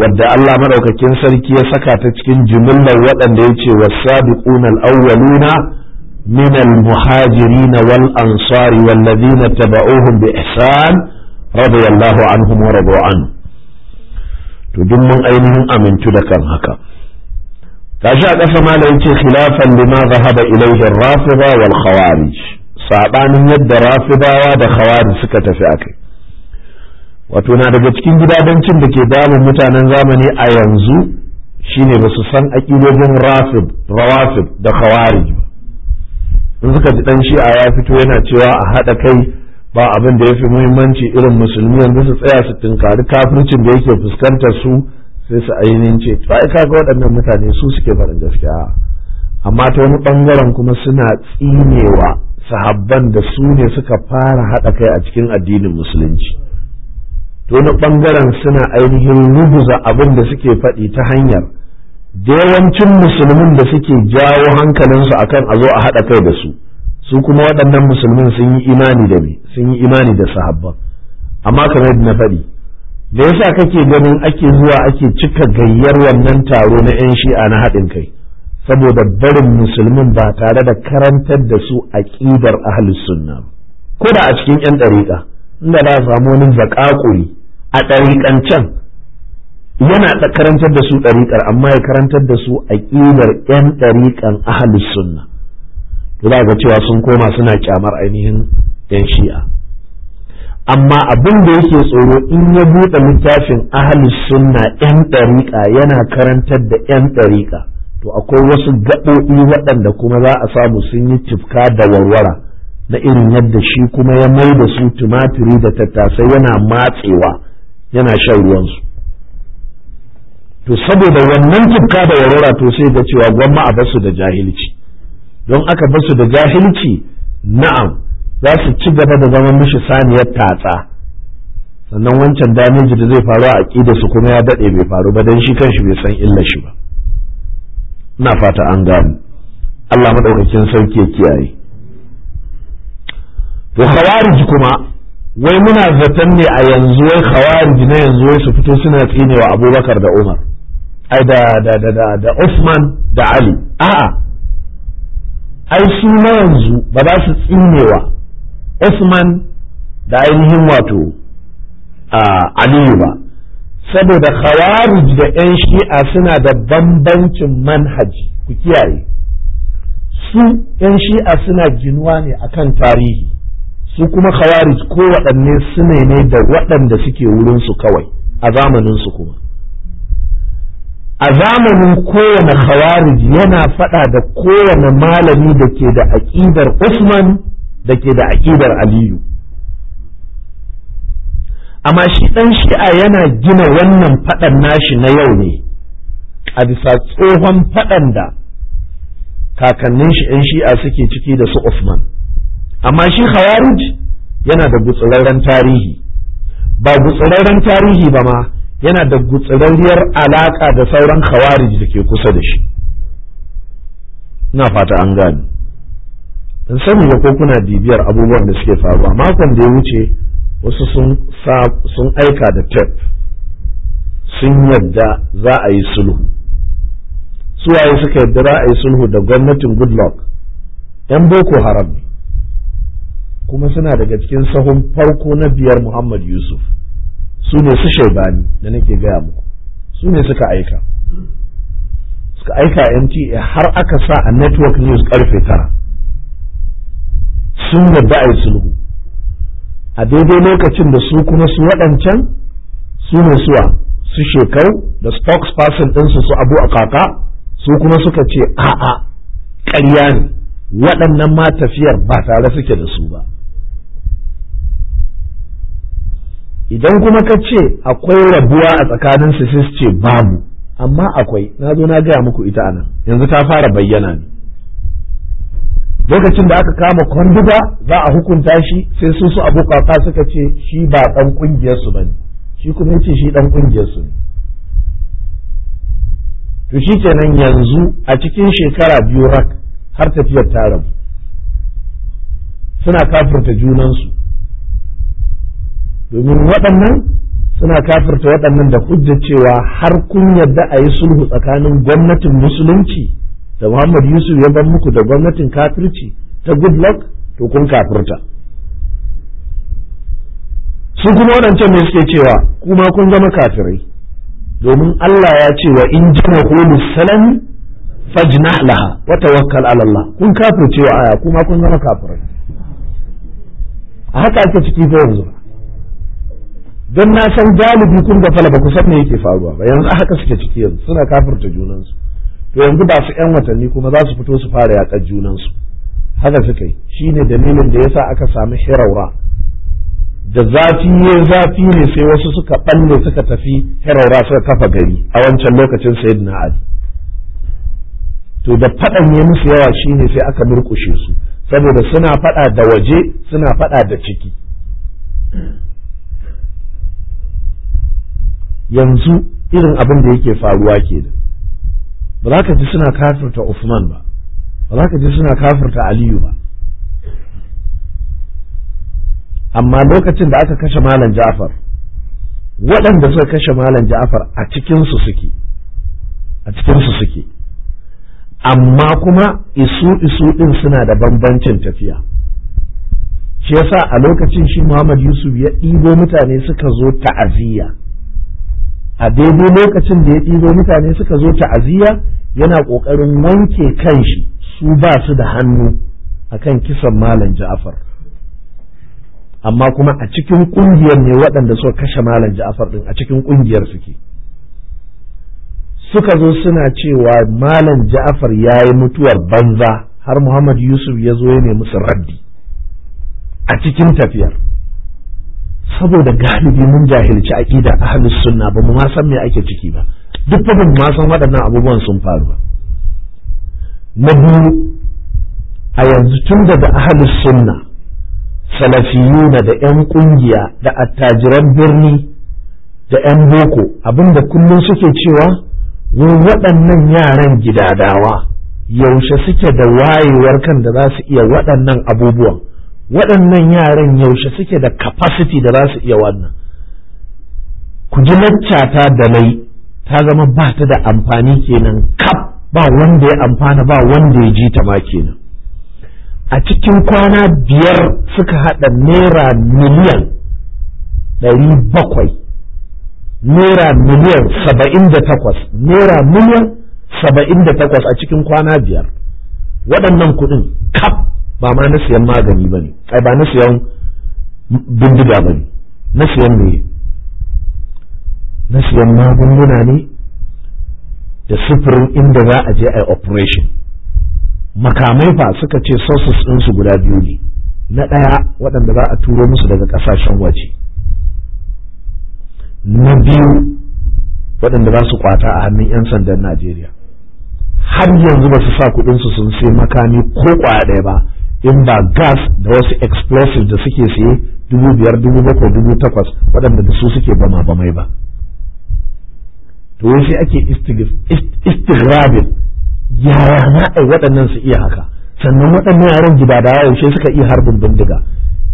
wadda Allah madaukakin sarki ya saka ta cikin jumlar waɗanda ya ce wa sabiquna al-awwaluna min al-muhajirin wal ansari wal ladina taba'uhum bi ihsan radiyallahu anhum wa radu an to dun mun ainihin amintu da kan haka kashi a ƙasa ma da yace khilafan lima zahaba ilayhi rafida wal khawarij sabanin yadda rafidawa da khawarij suka tafi a kai. wato na daga cikin gidadancin da ke damun mutanen zamani a yanzu shine ba su san aƙidojin rafid rawafid da khawarij ba in suka ji dan shi'a ya fito yana cewa a haɗa kai ba abin da ya fi muhimmanci irin musulmi yanzu su tsaya su tunkari kafircin da yake fuskantar su sai su ainihin ce to ai kaga waɗannan mutane su suke barin gaskiya amma ta wani ɓangaren kuma suna tsinewa sahabban da su ne suka fara haɗa kai a cikin addinin musulunci to wani ɓangaren suna ainihin rubuza abin da suke faɗi ta hanyar yawancin musulmin da suke jawo hankalinsu akan a zo a haɗa kai da su su kuma waɗannan musulmin sun yi imani da sahabban amma kamar yadda na faɗi da yasa kake ganin ake zuwa ake cika gayyar wannan taro na 'yan shi'a na haɗin kai saboda barin musulmin ba tare da karantar da su a ƙidar sunna ko da a cikin 'yan ɗariƙa inda za a samu wani zaƙaƙuri a ɗariƙancen yana da karantar da su ɗariƙar amma ya karantar da su a ƙidar 'yan ɗariƙan ahlus sunna to ga cewa sun koma suna kyamar ainihin 'yan shi'a amma abin da yake tsoro in ya buɗe littafin ahli sunna yan ɗariƙa yana karantar da yan ɗariƙa to akwai wasu gaɓoɓi waɗanda kuma za a samu sun yi cifka da warwara na irin yadda shi kuma ya mai da su tumatiri da tattasai yana matsewa yana shan ruwansu to saboda wannan cifka da warwara to sai ga cewa gwamma a basu da jahilci don aka basu da jahilci na'am za su ci gaba da zama mishi saniyar tatsa sannan wancan damage da zai faru a aƙida su kuma ya daɗe bai faru ba don shi kanshi bai san illa shi ba ina fata an gano Allah maɗaukakin sauki kiyaye to khawariji kuma wai muna zaton ne a yanzu wai khawarij na yanzu wai su fito suna tsinewa Abubakar da Umar ai da da da da da Uthman da Ali a'a ai su na yanzu ba za su tsinewa Usman da ainihin wato Aliyu ba saboda khawarij da 'yan shi'a suna da bambancin manhaji ku kiyaye su 'yan shi'a suna ginuwa ne akan tarihi su kuma khawarij ko waɗanne su ne da waɗanda suke wurinsu kawai a zamaninsu kuma a zamanin kowane khawarij yana faɗa da kowane malami da ke da aƙidar usman da ke da aƙidar aliyu amma shi ɗan shi'a yana gina wannan faɗan nashi na yau ne a bisa tsohon faɗan da kakannin shi ‘yan shi'a suke ciki da su Usman amma shi Khawarij yana da gutsuraren tarihi ba gutsuraren tarihi ba ma yana da gutsurariyar alaƙa da sauran Khawarij da ke kusa da shi ina fata an gani ban sani ba ko kuna bibiyar abubuwan da suke faruwa makon da ya wuce wasu sun aika da tep sun yadda za a yi sulhu suwaye suka yadda za a yi sulhu da gwamnatin goodluck yan boko haram ne kuma suna daga cikin sahun farko na biyar muhammad yusuf su ne su shaibani da nake gaya muku su ne suka aika suka aika mta har aka sa a network news karfe tara sun yadda a yi sulhu a daidai lokacin da su kuma su waɗancan su ne suwa su shekaru da spokesperson ɗinsu su abu a kaka su kuma suka ce a'a ƙarya ne waɗannan ma tafiyar ba tare suke da su ba idan kuma ka ce akwai rabuwa a tsakanin su su ce babu amma akwai na zo na gaya muku ita anan yanzu ta fara bayyana ne lokacin da aka kama kwanduga za a hukunta shi sai su su abu kwafa suka ce shi ba ɗan kungiyar su bane shi kuma yace shi ɗan kungiyar su ne to shi kenan yanzu a cikin shekara biyu rak har tafiyar ta rabu suna kafirta junansu domin waɗannan suna kafirta waɗannan da hujjar cewa har kun yarda a yi sulhu tsakanin gwamnatin musulunci da Muhammad Yusuf ya bar muku da gwamnatin kafirci ta good luck to kun kafirta su kuma waɗancan ne suke cewa kuma kun zama kafirai domin Allah ya ce wa in jina hulu salami fajna laha wa tawakkal ala kun kafirce wa aya kuma kun zama kafirai a haka ake ciki fa yanzu don na san galibi kun ga fala ba ku san me yake faruwa ba yanzu haka suke ciki yanzu suna kafirta junansu to yanzu ba su yan watanni kuma za su fito su fara yaƙar junansu haka suka yi shine dalilin da yasa aka sami hiraura da zafi ne zafi ne sai wasu suka ɓanne suka tafi hiraura suka kafa gari a wancan lokacin sayyidina ali to da faɗan ya musu yawa shine sai aka murƙushe su saboda suna faɗa da waje suna faɗa da ciki yanzu irin abin da yake faruwa kenan ba za ka ji suna kafirta Usman ba ba za ka ji suna kafirta Aliyu ba amma lokacin da aka kashe Malam Ja'far waɗanda suka kashe Malam Ja'far a cikinsu suke a cikinsu suke amma kuma isu isu ɗin suna da bambancin tafiya shi yasa a lokacin shi Muhammad Yusuf ya ɗibo mutane suka zo ta'aziyya a daidai lokacin da ya ɗibo mutane suka zo ta'aziyya yana ƙoƙarin wanke kanshi su ba su da hannu a kan kisan malam ja'afar amma kuma a cikin ƙungiyar ne waɗanda suka kashe malam ja'afar ɗin a cikin ƙungiyar suke suka zo suna cewa malam ja'afar ya yi mutuwar banza har muhammad yusuf ya zo ya nemi musu raddi a cikin tafiyar saboda galibi mun jahilci aƙida ahlus sunna ba mu ma san me ake ciki ba duk fa waɗannan abubuwan sun faru na biyu a yanzu tun daga ahalus sunna salafiyuna da 'yan ƙungiya, da attajiran birni da 'yan boko abinda kullum suke cewa wa waɗannan yaran gidadawa yaushe suke da wayewar kan da za su iya waɗannan abubuwan waɗannan yaran yaushe suke da capacity da za su iya wannan ku ji laccata da nai ta zama ba ta da amfani kenan kaf ba wanda ya amfana ba wanda ya ji ta ma kenan a cikin kwana biyar suka hada naira miliyan ɗari bakwai naira miliyan saba'in da takwas naira miliyan saba'in da takwas a cikin kwana biyar waɗannan kuɗin kaf ba ma na siyan magani ba ne ai ba na siyan bindiga ba ne na siyan mai na siyan magunguna ne da sufurin inda za a je a yi operation makamai fa suka ce sources ɗinsu guda biyu ne na ɗaya waɗanda za a turo musu daga ƙasashen waje na biyu waɗanda za su kwata a hannun 'yan sandan najeriya har yanzu ba su sa kuɗinsu sun sai makami ko ƙwaya ɗaya ba in ba gas da wasu explosives da suke saye dubu biyar dubu bakwai dubu takwas waɗanda da su suke bama bamai ba to wai ake istigrabin yara na ai waɗannan su iya haka sannan waɗannan yaran gida da yaushe suka iya harbin bindiga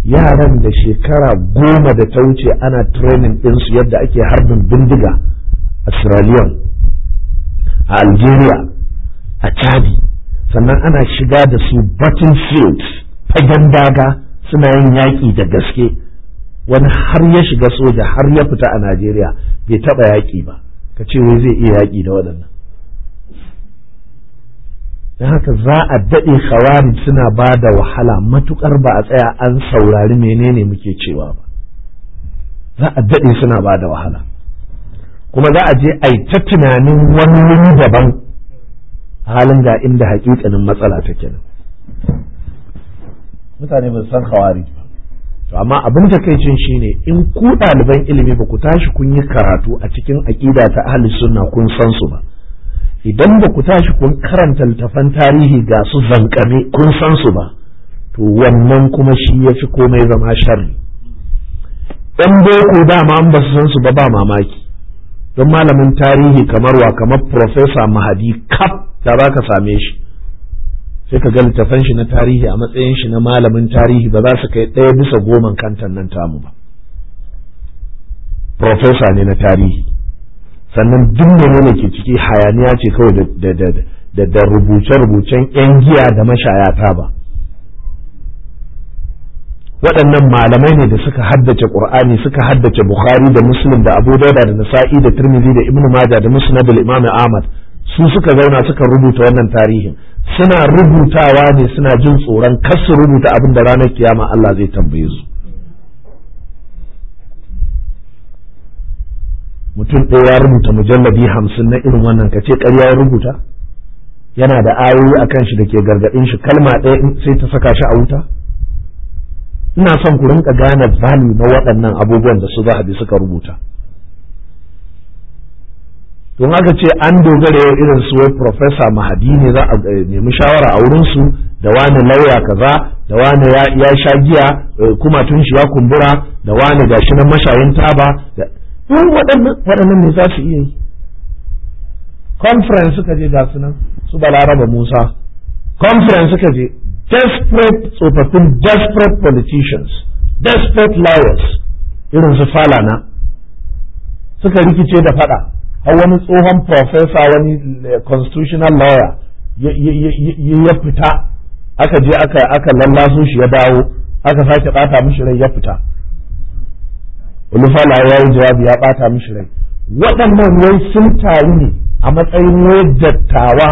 yaran da shekara goma da ta wuce ana training ɗinsu yadda ake harbin bindiga a Sierra Leone a Algeria a Chadi sannan ana shiga da su Batten-Fields fagen daga suna yin yaƙi da gaske wani har ya shiga soja har ya fita a Najeriya bai taɓa yaƙi ba ka ce wai zai iya yaƙi da waɗannan don haka za a daɗe khawarij suna ba da wahala matuƙar ba a tsaya an saurari menene muke cewa ba za a daɗe suna ba da wahala kuma za a je a yi ta tunanin wani wuri daban halin ga inda hakikanin matsala ta kenan mutane ba san khawarij ba to amma abin takaicin shine in ku ɗaliban ilimi ba ku tashi kun yi karatu a cikin aƙida ta ahli sunna kun san su ba idan ba ku tashi kun karanta littafan tarihi ga su zankame kun san su ba to wannan kuma shi ya fi komai zama sharri ɗan boko dama an ba su san su ba ba mamaki don malamin tarihi kamar wa kamar profesa mahadi kaf da za ka same shi sai ka ga littafan shi na tarihi a matsayin shi na malamin tarihi ba za su kai ɗaya bisa goman kantan nan tamu ba profesa ne na tarihi sannan duk menene ke ciki hayaniya ce kawai da rubuce-rubucen 'yan giya da mashayata ba waɗannan malamai ne da suka haddace qur'ani suka haddace bukhari da muslim da abu dauda da nasa'i da tirmidhi da ibnu Maja da musnad al-imam ahmad su suka zauna suka rubuta wannan tarihin suna rubutawa ne suna jin tsoron kar su rubuta abin da ranar kiyama Allah zai tambaye su mutum ɗaya ya rubuta mujallabi hamsin na irin wannan ka ce ƙarya ya rubuta yana da ayoyi a kan shi da ke gargaɗin shi kalma ɗaya sai ta saka shi a wuta ina son ku rinka gane value na waɗannan abubuwan da su bi suka rubuta don aka ce an dogara yau irin su wai professor mahadi ne za a eh, nemi shawara a wurin su da wani lauya kaza da wani ya sha giya eh, kuma tun shi ya kumbura da wani gashi na mashayin taba da waɗannan ne za su iya yi conference suka je gasu nan su balaraba musa conference suka je desperate tsofaffin desperate politicians desperate lawyers irin su falana suka rikice da fada har wani tsohon profesa wani eh, constitutional lawyer ya fita aka je aka aka lallaso shi ya dawo aka sake bata mishi rai ya fita ulufala ya yi jawabi ya bata mishi rai waɗannan wai sun taru ne a matsayin wai dattawa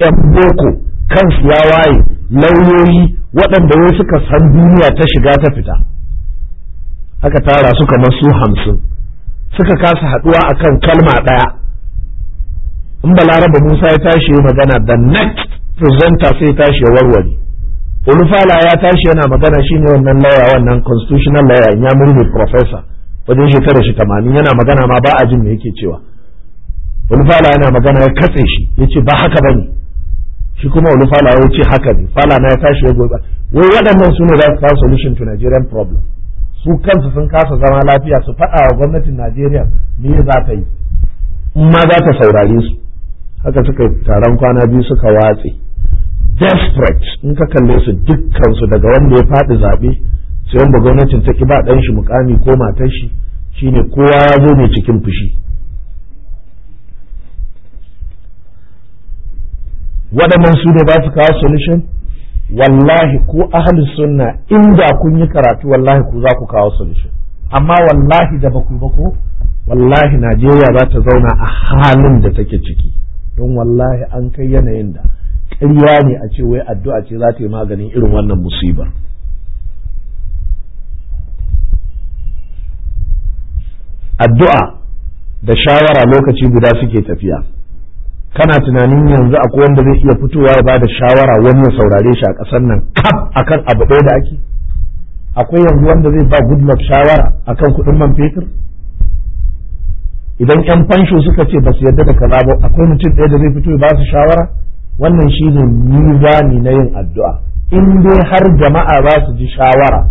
yan boko kansu ya waye lauyoyi waɗanda wai suka san duniya ta shiga ta fita Haka tara su kamar su hamsin suka kasa haduwa akan kalma daya in balaraba musa ya tashi ya magana da next presenter sai tashi ya warware olufala ya tashi yana magana shine wannan lawyer wannan constitutional lawyer ya murne professor wajen shekarar shi tamanin yana magana ma ba a jin me yake cewa olufala yana magana ya katse shi ya ce ba haka bane shi kuma olufala ya ce haka ne fala na ya tashi ya gobe wai waɗannan su ne za su solution to Nigerian problem su kansu sun kasa zama lafiya su faɗa wa gwamnatin najeriya me za ta yi in ma za ta saurare su haka suka taron kwana biyu suka watse desperate in ka kalle su dukkansu daga wanda ya faɗi zaɓe sai wanda gwamnatin ta ki ba ɗan shi mukami ko matar shi shine kowa ya zo ne cikin fushi waɗannan su ne ba su kawo solution wallahi ku ahli sunna inda kun yi karatu wallahi ku za ku kawo solution amma wallahi da baku bako wallahi Najeriya za ta zauna a halin da take ciki don wallahi an kai yanayin da ƙarya ne a ce wai addu'a ce za ta yi maganin irin wannan musibar addu'a da shawara lokaci guda suke tafiya kana tunanin yanzu akwai wanda zai iya fitowa ya bada shawara wani ya saurare shi a ƙasar nan kaf akan abu ɗaya da ake akwai yanzu wanda zai ba goodluck shawara akan kuɗin man fetur idan yan fansho suka ce ba su yarda da kaza ba akwai mutum ɗaya da zai fito ya ba su shawara wannan shine mizani na yin addu'a in dai har jama'a za su ji shawara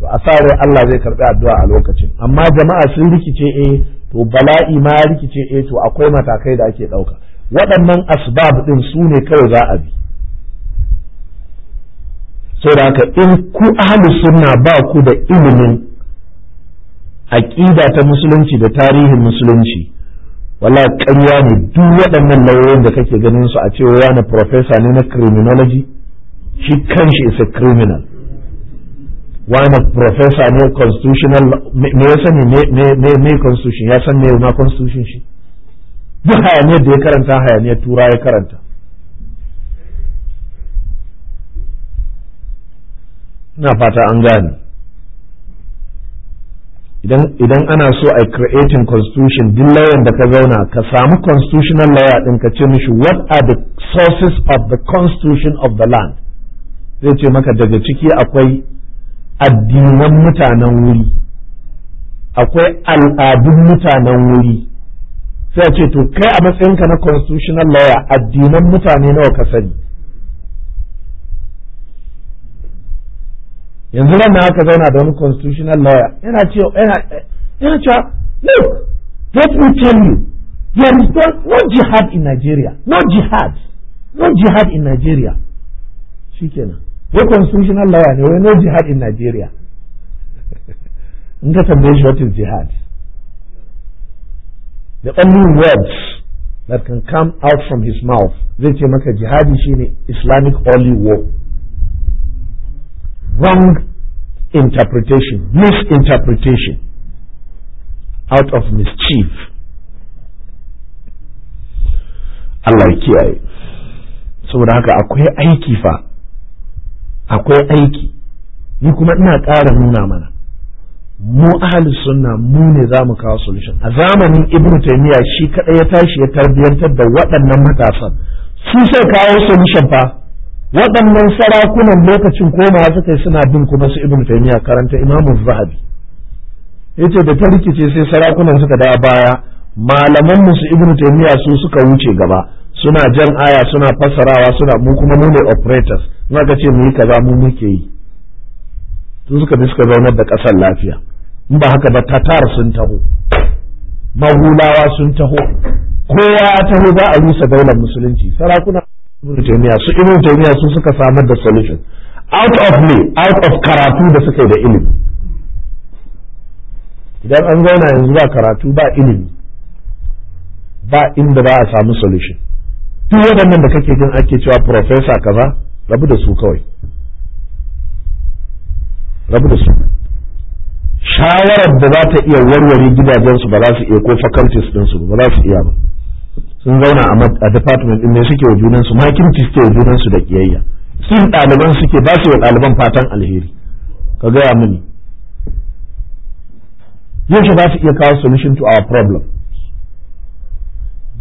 to a sa rai Allah zai karɓi addu'a a lokacin amma jama'a sun rikice eh to bala'i ma rikice eh to akwai matakai da ake ɗauka waɗannan asbab ɗin su ne kawai za a bi da haka in ku ahli sunna ba ku da ilimin aƙida ta musulunci da tarihin musulunci wala ƙarya ne duk waɗannan lauyoyin da kake ganin su a cewa yana profesa ne na criminology shi kanshi is a criminal wani professor ne constitutional me ya sani me constitution ya san me na constitution shi duk hayaniyar da ya karanta hayaniyar tura ya karanta ina fata an gane idan ana so a creating constitution din layan da ka zauna ka samu constitutional lawyer din ka ce mishi what are the sources of the constitution of the land zai ce maka daga ciki akwai addinan mutanen wuri akwai al'adun mutanen wuri sai ce to kai a matsayinka na constitutional lawyer addinan mutane nawa ka sani yanzu nan na aka zauna da wani constitutional lawyer yana cewa yana cewa look let me tell you there is no, no jihad in Nigeria no jihad no jihad in Nigeria shikenan wai constitutional lawyer ne wai no jihad in Nigeria <laughs> in ka tambaye shi what is jihad the only words that can come out from his mouth zai ce maka jihadi shine islamic holy war wrong interpretation misinterpretation out of mischief Allah ya kiyaye saboda haka akwai aiki fa akwai aiki ni kuma ina ƙara nuna mana mu ahlus sunna mu ne za mu kawo solution a zamanin ibnu taymiya shi kadai ya tashi ya tarbiyantar da waɗannan matasan su sai kawo solution fa waɗannan sarakunan lokacin koma suka yi suna bin kuma su ibnu taymiya karanta imamu zahabi yace da ta rikice sai sarakunan suka da baya malaman mu su ibnu taymiya su suka wuce gaba suna jan aya suna fassarawa suna mu kuma mu ne operators Muna ce mu yi kaza mu muke yi su suka bi suka zaunar da ƙasar lafiya in ba haka ba tatar sun taho Magulawa sun taho kowa ya taho za a rusa daular musulunci sarakuna ibn su ibn taymiya su suka samar da solution out of me out of karatu da suka yi da ilimi idan an zauna yanzu ba karatu ba ilimi ba inda ba a samu solution duk waɗannan da kake jin ake cewa professor kaza rabu da su kawai rabu da su shawarar da za ta iya warware gidajensu ba za su iya ko faculties ɗinsu ba za su iya ba sun zauna a department ɗin ne suke wa junansu makirci suke wa junansu da kiyayya sun ɗaliban suke ba su wa ɗaliban fatan alheri ka gaya mini yaushe za su iya kawo solution to our problem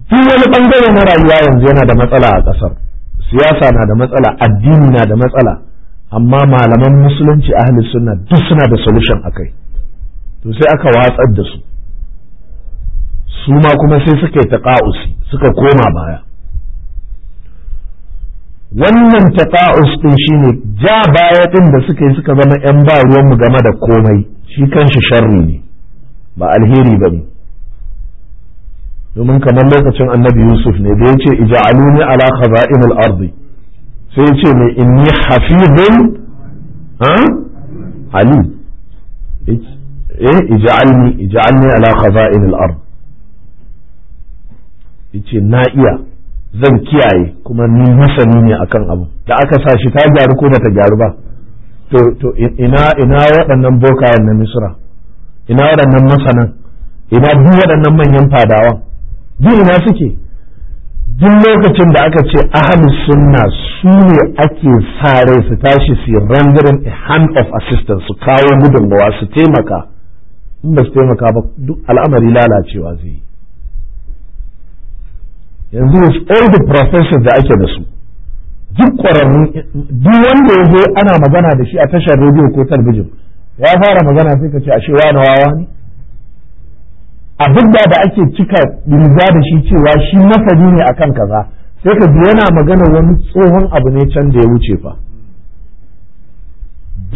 duk wani bangare na rayuwa yanzu yana da matsala a ƙasar siyasa na da matsala addini na da matsala amma malaman musulunci ahli sunna duk suna da solution kai. to sai aka watsar da su su ma kuma sai suka yi taƙa'usi suka koma baya wannan taƙa'us ɗin shine ja baya ɗin da suka yi suka zama 'yan ba mu game da komai shi kanshi sharri ne ba alheri ba ne domin kamar lokacin annabi yusuf ne da yace ij'aluni ala ala al ardi sai yace ne inni hafizun ha ali eh ij'alni ij'alni ala khaza'in al-ard yace na iya zan kiyaye kuma ni masani ne akan abu da aka sa shi ta gyaru ko bata gyaru ba to to ina ina waɗannan bokayen na misra ina waɗannan masanan ina duk waɗannan manyan fadawan duk ina suke duk lokacin da aka ce ahlus sunna su ne ake sa rai su tashi su rendering a hand of assistance su kawo gudunmawa su taimaka in ba su taimaka ba duk al'amari lalacewa zai yi yanzu with all the professions da ake da su duk ƙwararrun duk wanda ya zo ana magana da shi a tashar rediyo ko talbijin ya fara magana sai ka ce ashe wani wawa ne abin da da ake cika riga da shi cewa shi masani ne akan kaza sai ka yana magana wani tsohon abu ne can da ya wuce fa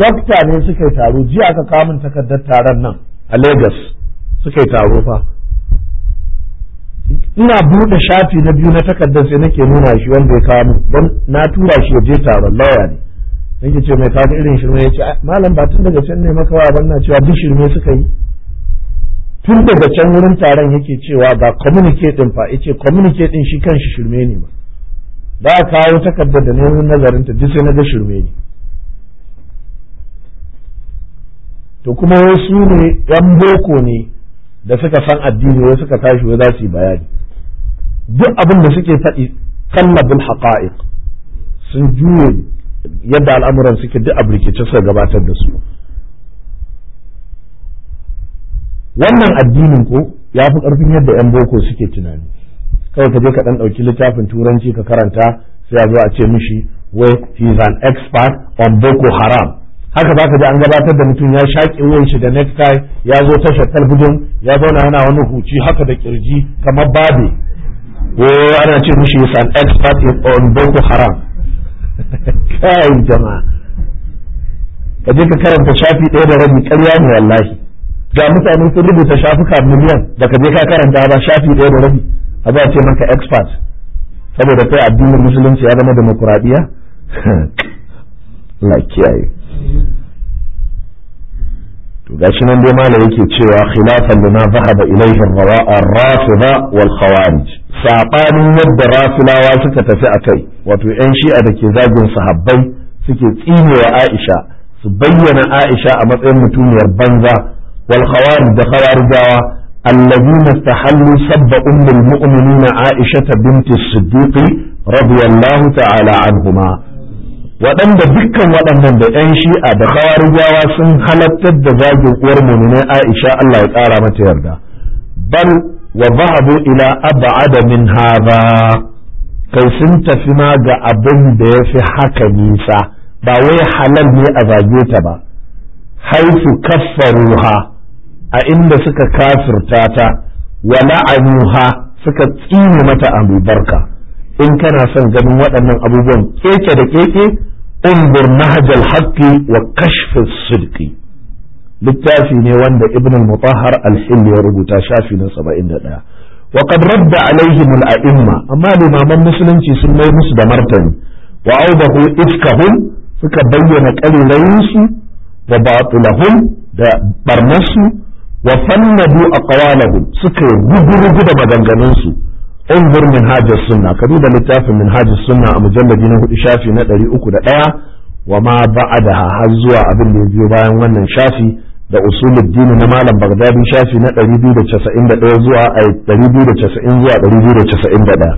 dokta ne suka yi taro jiya aka kamun takardar taron nan a Legas suka yi taro fa ina buɗe shafi na biyu na takardar sai nake nuna shi wanda ya kawo min don na tura shi je taron lauya ne nake ce mai kawo irin shirme ya ce ah, malam ba tun daga can ne maka wa na cewa duk shirme suka yi tun daga can wurin taron yake cewa ba communicating fa yace ce din shi shi shirme ne ba ba kawo takardar da neman nazarin ta duk sai na ga shirme ne to kuma wasu ne yan boko ne da suka san addini wai suka tashi wai za su yi bayani duk abin da suke faɗi kallabul haqa'iq sun juye yadda al'amuran suke duk a rikice suka gabatar da su wannan addinin ko ya fi ƙarfin yadda 'yan boko suke tunani kawai ka je ka ɗan ɗauki littafin turanci ka karanta sai a zo a ce mishi wai he is an expert on boko haram haka ba ka da an gabatar da mutum ya shaƙi shi da necktie ya zo tashar talbijin ya zauna yana wani huci haka da kirji kamar babi ko eh, ana ce mushi is an expert on boko haram <laughs> kai jama'a ka je ka karanta shafi ɗaya da rabi ƙarya ne wallahi ga mutane sun rubuta shafuka miliyan da ka je ka karanta ba shafi ɗaya da rabi a za a ce maka expert saboda kai addinin musulunci ya zama demokuraɗiyya la <laughs> kiyaye to gashi nan dai malam yake cewa khilafan lima zahaba ilayhi ar-rafida wal khawarij sabanin yadda rafilawa suka tafi akai wato yan shi'a da ke zagin sahabbai suke tsinewa Aisha su bayyana Aisha a matsayin mutumiyar banza wal khawarij da khawarijawa الذين استحلوا سب أم na aisha binti الصديق رضي الله ta'ala عنهما waɗanda dukkan waɗannan da ‘yan shi'a da kawarijawa sun halattar da zagin uwar mummunai aisha Allah ya ƙara mata yarda bal wa zahabu ila ab'ada min hadha kai sun tafi ma ga abin da ya fi haka nisa ba wai halal ne a zage ta ba haifu kaffaruha a inda suka kafirta ta wa la'anuha suka tsine mata barka in kana son ganin waɗannan abubuwan keke da keke umbur nahajal haqqi wa kashfin sidqi littafi ne wanda ibn al-mutahhar al-hilli ya rubuta shafi na 71 wa qad radda alaihim al-a'imma amma limaman musulunci sun mai musu da martani wa awdahu ifkahum suka bayyana kalilayensu wa batilahum da barnasu wa fannadu aqwalahum suka yi gudu da maganganunsu انظر من هاج السنة كبيرة لتاف من هاج السنة مجلد نهو شافي ندري أكد أيا وما بعدها هزوا أبن بيبايا ونن شافي da usulul dini na malam bagdadi shafi na 291 zuwa a 290 zuwa 291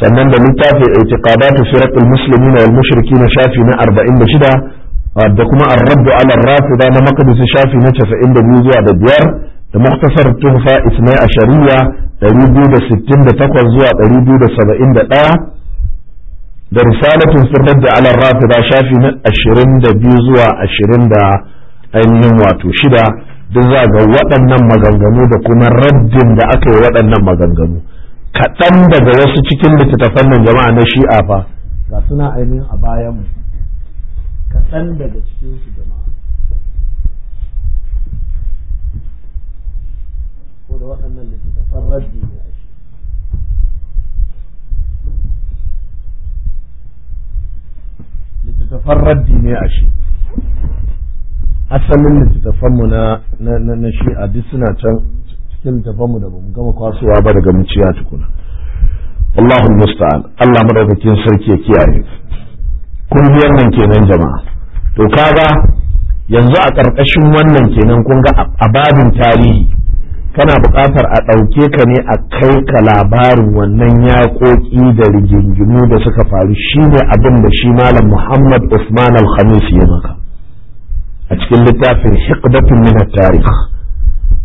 sannan da littafin i'tiqadatu firaq al-muslimin wal mushrikin shafi na 46 da kuma ar-radd ala ar-rafida na maqdisi shafi na 92 zuwa da biyar da muhtasar tuhfa ismai ashariya 268 zuwa 271 da risalatin firdar da alar da shafi na 22 zuwa 20 da ainihin wato shida duk za ga waɗannan maganganu da kuma raddin da aka yi waɗannan maganganu kaɗan daga wasu cikin littattafan nan jama'a na shi'a fa ga suna ainihin a bayan mu kaɗan daga cikin su jama'a ko da waɗannan littattafan rabbi ne littattafan raddi ne shi asalin littattafanmu na na a duk suna can cikin littattafanmu da mu gama kwasuwa ba daga muciya tukuna Allahun musta'an Allah madaukakin sarki ya kiyaye kun wannan kenan jama'a to kaga yanzu a ƙarƙashin wannan kenan kun ga a babin tarihi kana buƙatar a ɗauke ka ne a kai ka labarin wannan yaƙoƙi da rigingimu da suka faru shi ne abin da shi malam muhammad usman al-khamis ya maka a cikin littafin hiqdatun min tarih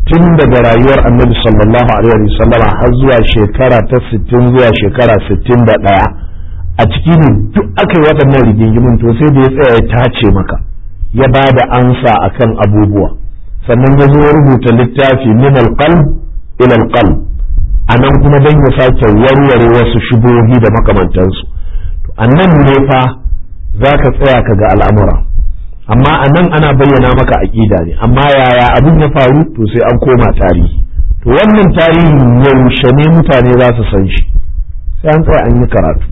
tun daga rayuwar annabi sallallahu alaihi wasallam har zuwa shekara ta 60 zuwa shekara 61 a ciki duk aka yi waɗannan rigingimin to sai da ya tsaya ya tace maka ya ba da ansa akan abubuwa sannan ya zo rubuta littafi min alqalb ila alqalb anan kuma dan ya sake warware wasu shubuhi da makamantansu annan ne fa zaka tsaya ka ga al'amura amma anan ana bayyana maka aqida ne amma yaya abin ya faru to sai an koma tarihi to wannan tarihi yaushe ne mutane za su san shi sai an tsaya an yi karatu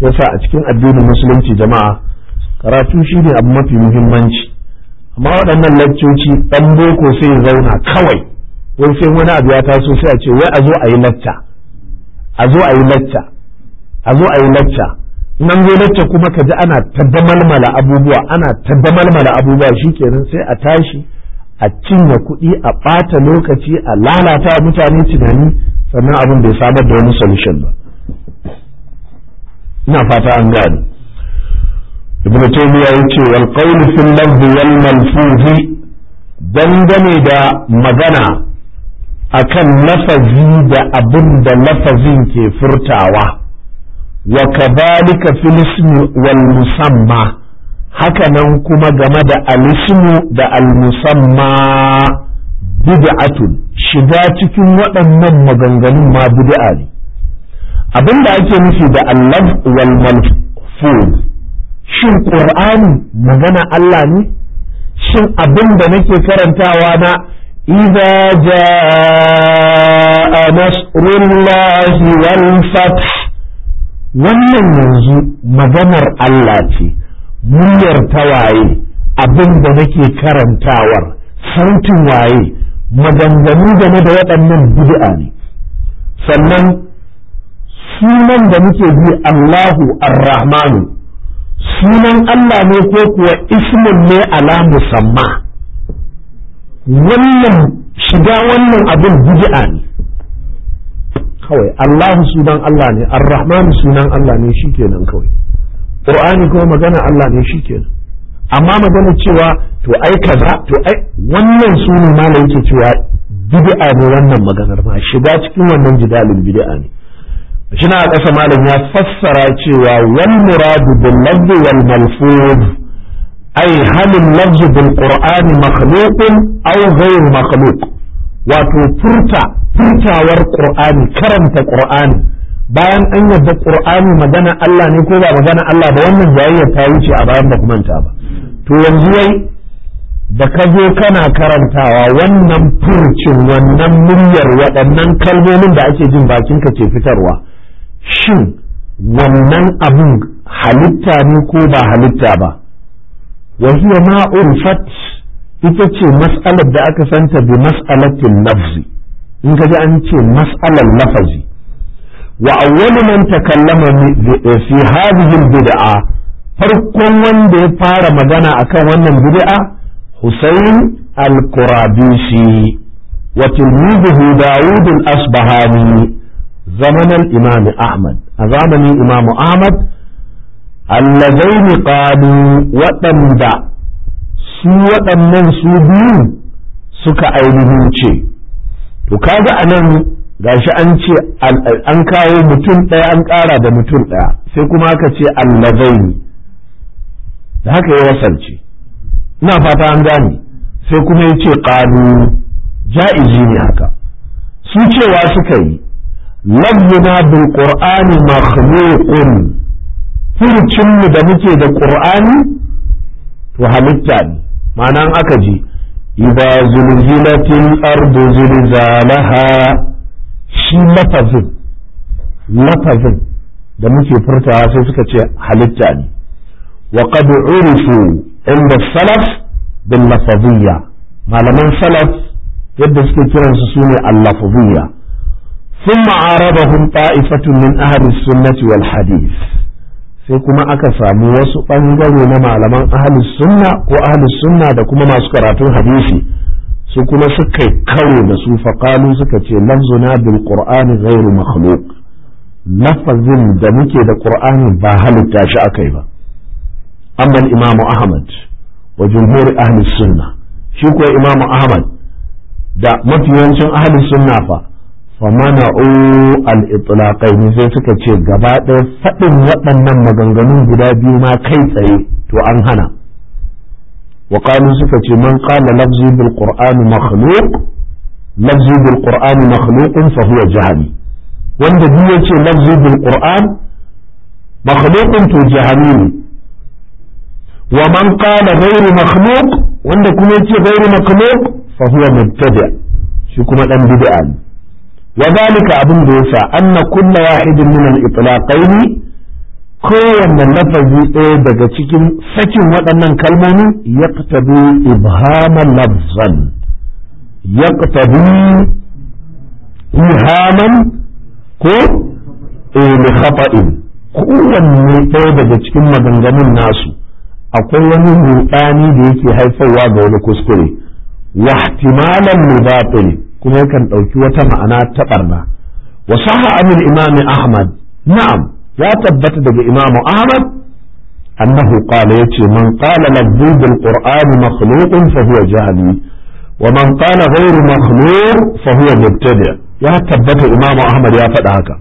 yasa a cikin addinin musulunci jama'a karatu shine abu mafi muhimmanci amma waɗannan laccoci ɗan boko sai zauna kawai wai sai wani abu ya taso sai a ce wai a zo a yi lacca a zo a yi lacca a zo a yi lacca nan zo lacca kuma ka ji ana ta damalmala abubuwa ana ta damalmala abubuwa shikenan sai a tashi a cinye kuɗi a ɓata lokaci a lalata mutane tunani sannan abin bai samar da wani solution ba ina fata an gane ibn taymiya yace wal qawlu fil lafzi wal malfuzi dangane da magana akan lafazi da abin da lafazin ke furtawa wa kadhalika fil ismi wal musamma haka nan kuma game da al da al-musamma bid'atun shiga cikin waɗannan maganganun ma bid'a ne abin da ake nufi da allaf wal malfuz shin ƙur'ani magana Allah ne shin abin da nake karantawa na idza jaa nasrullahi wal fath wannan yanzu maganar Allah ce muryar waye, abin da nake karantawar sautin waye maganganu game da waɗannan bid'a ne sannan sunan da nake bi Allahu Ar-Rahmanu sunan Allah ne ko kuwa ismin ne ala musamma wannan shiga wannan abin bid'a ne kawai Allah sunan Allah ne Ar-Rahman sunan Allah ne shikenan kawai Qur'ani kuma magana Allah ne shikenan amma magana cewa to ai kaza to ai wannan sunan ne yake cewa bid'a ne wannan maganar ma shiga cikin wannan jidalin bid'a ne shi a ƙasa malam ya fassara cewa wal muradu bil lafzi wal malfuz ai halin lafzi bil qur'ani makhluqun aw ghayr wato furta furtawar qur'ani karanta qur'ani bayan an yadda qur'ani magana Allah ne ko ba magana Allah ba wannan jayayya ta wuce a bayan ba manta ba to yanzu wai da ka zo kana karantawa wannan furcin wannan muryar waɗannan kalmomin da ake jin bakinka ke fitarwa shin wannan abin halitta ne ko ba halitta ba hiya ma urfat ita ce mas'alar da aka santa bi mas'alatin lafzi in ka ji an ce mas'alar lafazi wa awwalu man takallama fi hadhihi bid'a farkon wanda ya fara magana akan wannan bid'a Husayn al-Qurabisi wa tilmizuhu Dawud al-Asbahani زمن الإمام ahmad a zamanin أحمد ahmad allazaini qalu waɗanda su waɗannan su biyu suka ainihin ce to kaga anan gashi an ce an kawo mutum ɗaya an ƙara da mutum ɗaya sai kuma aka ce allazaini da haka ya wasance ina fata an gane sai kuma ya ce ƙalu ja'izi ne haka su cewa suka yi lafzuna bil qur'ani makhluqun furcin mu da muke da qur'ani to halitta ne ma'ana aka ji idza zulzilatil ardu zilzalaha shi lafazin da muke furtawa sai suka ce halitta ne wa inda salaf bil lafaziyya malaman salaf yadda suke kiransu sune al-lafaziyya sun ma'arabahun ta'ifatun isa ahalus sunnati wal hadith sai kuma aka samu wasu ɓangare na malaman ahalus sunna ko ahalus sunna da kuma masu karatun hadisi su kuma suka karo da su faƙalu suka ce lafzuna bil qur'ani ghairu makhluq lafazin da muke da qur'ani ba halitta shi akai ba amma imamu ahmad wa jumhur ahlus sunna shi kuwa imamu ahmad da mafiyancin ahlus sunna fa wa mana'u al-itlaqaini sai suka ce gaba ɗaya faɗin waɗannan maganganun guda biyu ma kai tsaye to an hana wa qalu suka ce man qala lafzi bil qur'ani makhluq lafzi bil qur'ani wanda duk yace lafzi bil qur'an makhluqun to jahmi ne wa man qala ghairu makhluq wanda kuma yace ghairu makhluq fa huwa mubtadi' shi kuma dan bid'a ne وذلك أبن دوسا أن كل واحد من الإطلاقين kowanne lafazi ɗaya daga cikin sakin waɗannan kalmomi ya ƙtabi ibhaman lafzan ya ihaman ko ilhaɓa'in kowanne ko daga cikin maganganun nasu akwai wani ruɗani da yake haifarwa ga wani kuskure wahtimalan mubatil kuma yakan dauki wata ma'ana ta barna wa saha anil imam ahmad na'am ya tabbata daga imam ahmad annahu qala yace man qala labud alquran makhluq fa huwa jahili wa man qala ghayru makhluq fa huwa mubtadi ya tabbata imam ahmad ya fada haka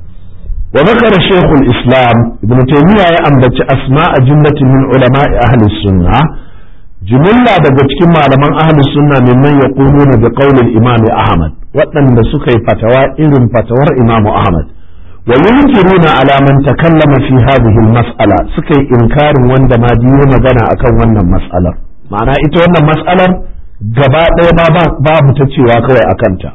wa zakara shaykh alislam ibn taymiya ya ambaci asma'a jumlatin min ulama'i ahli sunnah jimilla daga cikin malaman ahli sunna mimman ya na da ƙaunin imam ahmad waɗanda suka yi fatawa irin fatawar imam ahmad wa yunkiruna ala man takallama fi hadhihi mas'ala suka yi inkarin wanda ma biyo magana akan wannan mas'alar ma'ana ita wannan mas'alar gaba ɗaya ba babu ta cewa kawai akan ta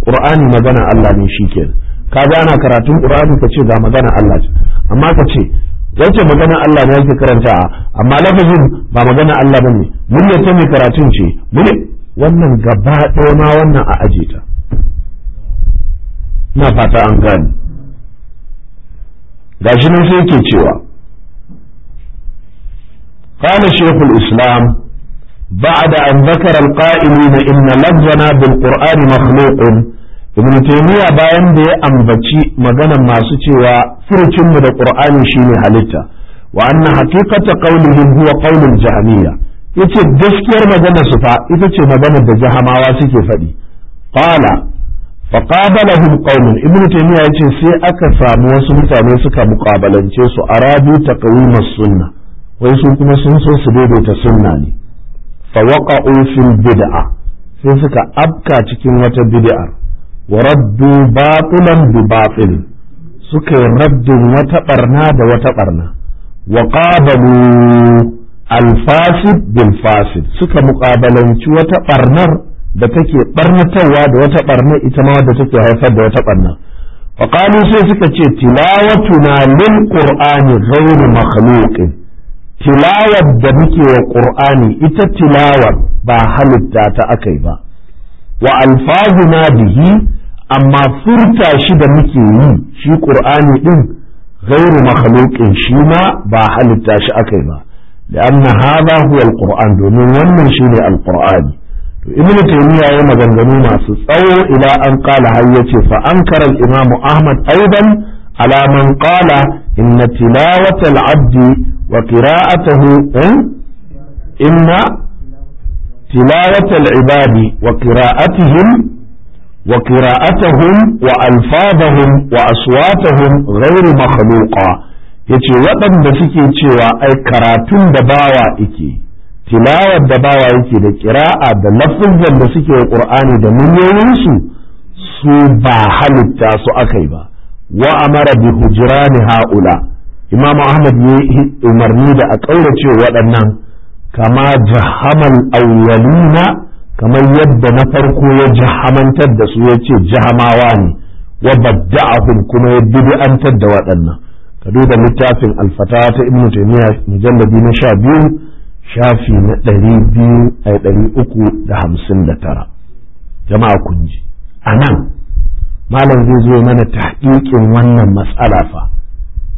qur'ani magana Allah ne shike ka ga ana karatun qur'ani ka ce ga magana Allah ce amma ka ce ce magana Allah ne yake karanta amma lafazin ba magana Allah ne. Mun ta mai karatun ce muryar wannan gaba ɗaya ma wannan a aje ta Ina fata an gane gashi nan sai yake cewa قال شيخ an بعد أن ذكر القائلين إن لفظنا بالقرآن مخلوق ibn taymiya bayan da ya ambaci maganar masu cewa furucin mu da qur'ani shine halitta wa anna haqiqata qawlihim huwa qawlul jahmiya yace gaskiyar maganar su fa ita ce maganar da jahamawa suke faɗi qala fa qabalahum qawmun ibn taymiya yace sai aka samu wasu mutane suka muqabalance su arabu taqwimus sunna wai su kuma sun so su daidaita sunna ne fa waqa'u fil bid'a sai suka abka cikin wata bid'ar wa raddu batilan bi batil suka yi raddin wata ɓarna da wata ɓarna. wa qabalu alfasid bil fasid suka muƙabalanci wata ɓarnar da take ɓarnatarwa da wata ɓarnar ita ma wadda take haifar da wata ɓarna wa sai suka ce tilawatuna lil ƙur'ani ghairu makhluqin tilawar da muke wa ƙur'ani ita tilawar ba halitta ta akai ba wa alfazuna bihi amma furta shi da muke yi shi qur'ani din ghairu makhluqin shi ma ba halitta shi akai ba لأن هذا هو القرآن domin wannan shine alqur'ani to ibnu taymiya ya maganganu masu tsawo ila an qala har yace fa ankara al-imam ahmad aidan ala man qala inna tilawata al-abdi wa qira'atuhu eh? inna تلاوة العباد وقراءتهم وقراءتهم وألفاظهم وأصواتهم غير مخلوقة yace waɗanda suke cewa ai karatun da bawa ike tilawar da bawa yake da kira'a da lafizan da suke wa ƙur'ani da muryoyinsu su ba halitta su akayi ba wa amara bi hujrani haula imam ahmad ya umarni da a ƙaurace waɗannan kama jahaman jahamal na. kamar yadda na farko ya jahamantar da su ya ce jahamawa ne wa badda'ahum kuma ya bid'antar da waɗannan ka duba littafin alfata ta ibnu taymiya mujalladi na sha biyu shafi na ɗari biyu a ɗari uku da hamsin da tara jama'a kun ji a nan malam zai zo mana tahqiqin wannan matsala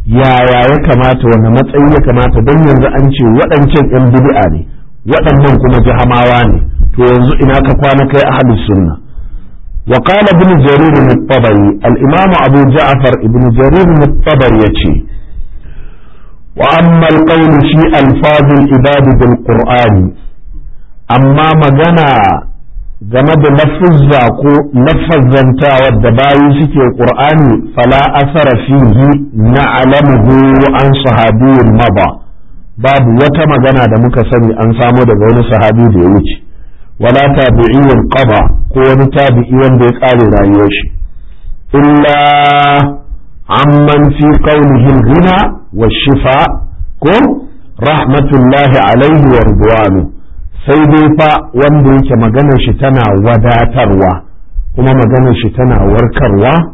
yaya ya kamata wani matsayi ya kamata don yanzu an ce waɗancan 'yan bid'a ne waɗannan kuma jihamawa ne to yanzu ina ka kwana kai a sunna wa qala ibn jarir al-tabari al-imam abu ja'far ibn jarir al-tabari yace wa amma al-qawl fi al-fadl amma magana game da lafizza ko lafazzantawa da bayi suke qur'ani fala asara fihi na alamuhu an sahabiyin maba babu wata magana da muka sani an samo daga wani sahabi da ya wuce wala tabi'in qaba ko wani tabi'i wanda ya kare rayuwar shi illa amman fi qawlihi al-ghina wa shifa ko rahmatullahi alaihi wa ridwanu sai dai fa wanda yake maganar shi tana wadatarwa kuma maganar shi tana warkarwa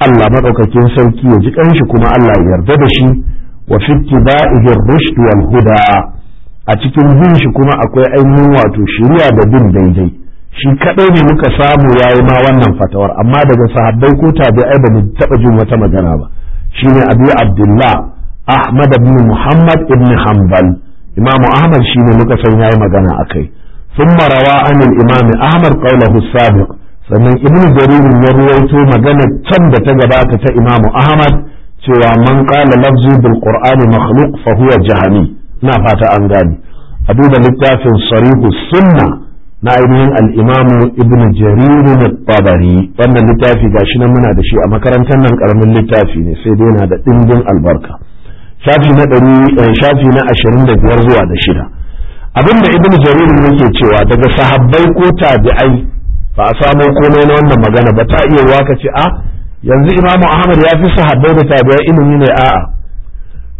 Allah madaukakin sarki ya ji kanshi kuma Allah ya yarda da shi wa fi tibaihi rushd wal huda a cikin bin shi kuma akwai ainihin wato shiriya da bin daidai shi kadai ne muka samu yayi ma wannan fatawar amma daga sahabbai ko tabi'ai ba mu taba jin wata magana ba shine Abi Abdullah Ahmad ibn Muhammad ibn Hanbal imamu ahmad shi ne muka san yayi magana akai ثم روى عن الإمام أحمد قوله السابق sannan ibn jaririn ya ruwaito magana can da ta gabata ta imam ahmad cewa man qala lafzu bil qur'ani makhluq fa huwa jahani na fata an gani a littafin sarihu sunna na ainihin al-imam ibn jarir at-tabari wannan littafi gashi nan muna da shi a makarantar nan karamin littafi ne sai dai yana da dimbin albarka shafi na ɗari eh, shafi na ashirin da biyar zuwa da shida abinda ibn jarir yake cewa daga sahabbai ko tabi'ai ba a samo komai na wannan magana ba ta iya waka ce a ah, yanzu imamu ahmad ya fi sahabbai da tabi'ai ilimi ne a'a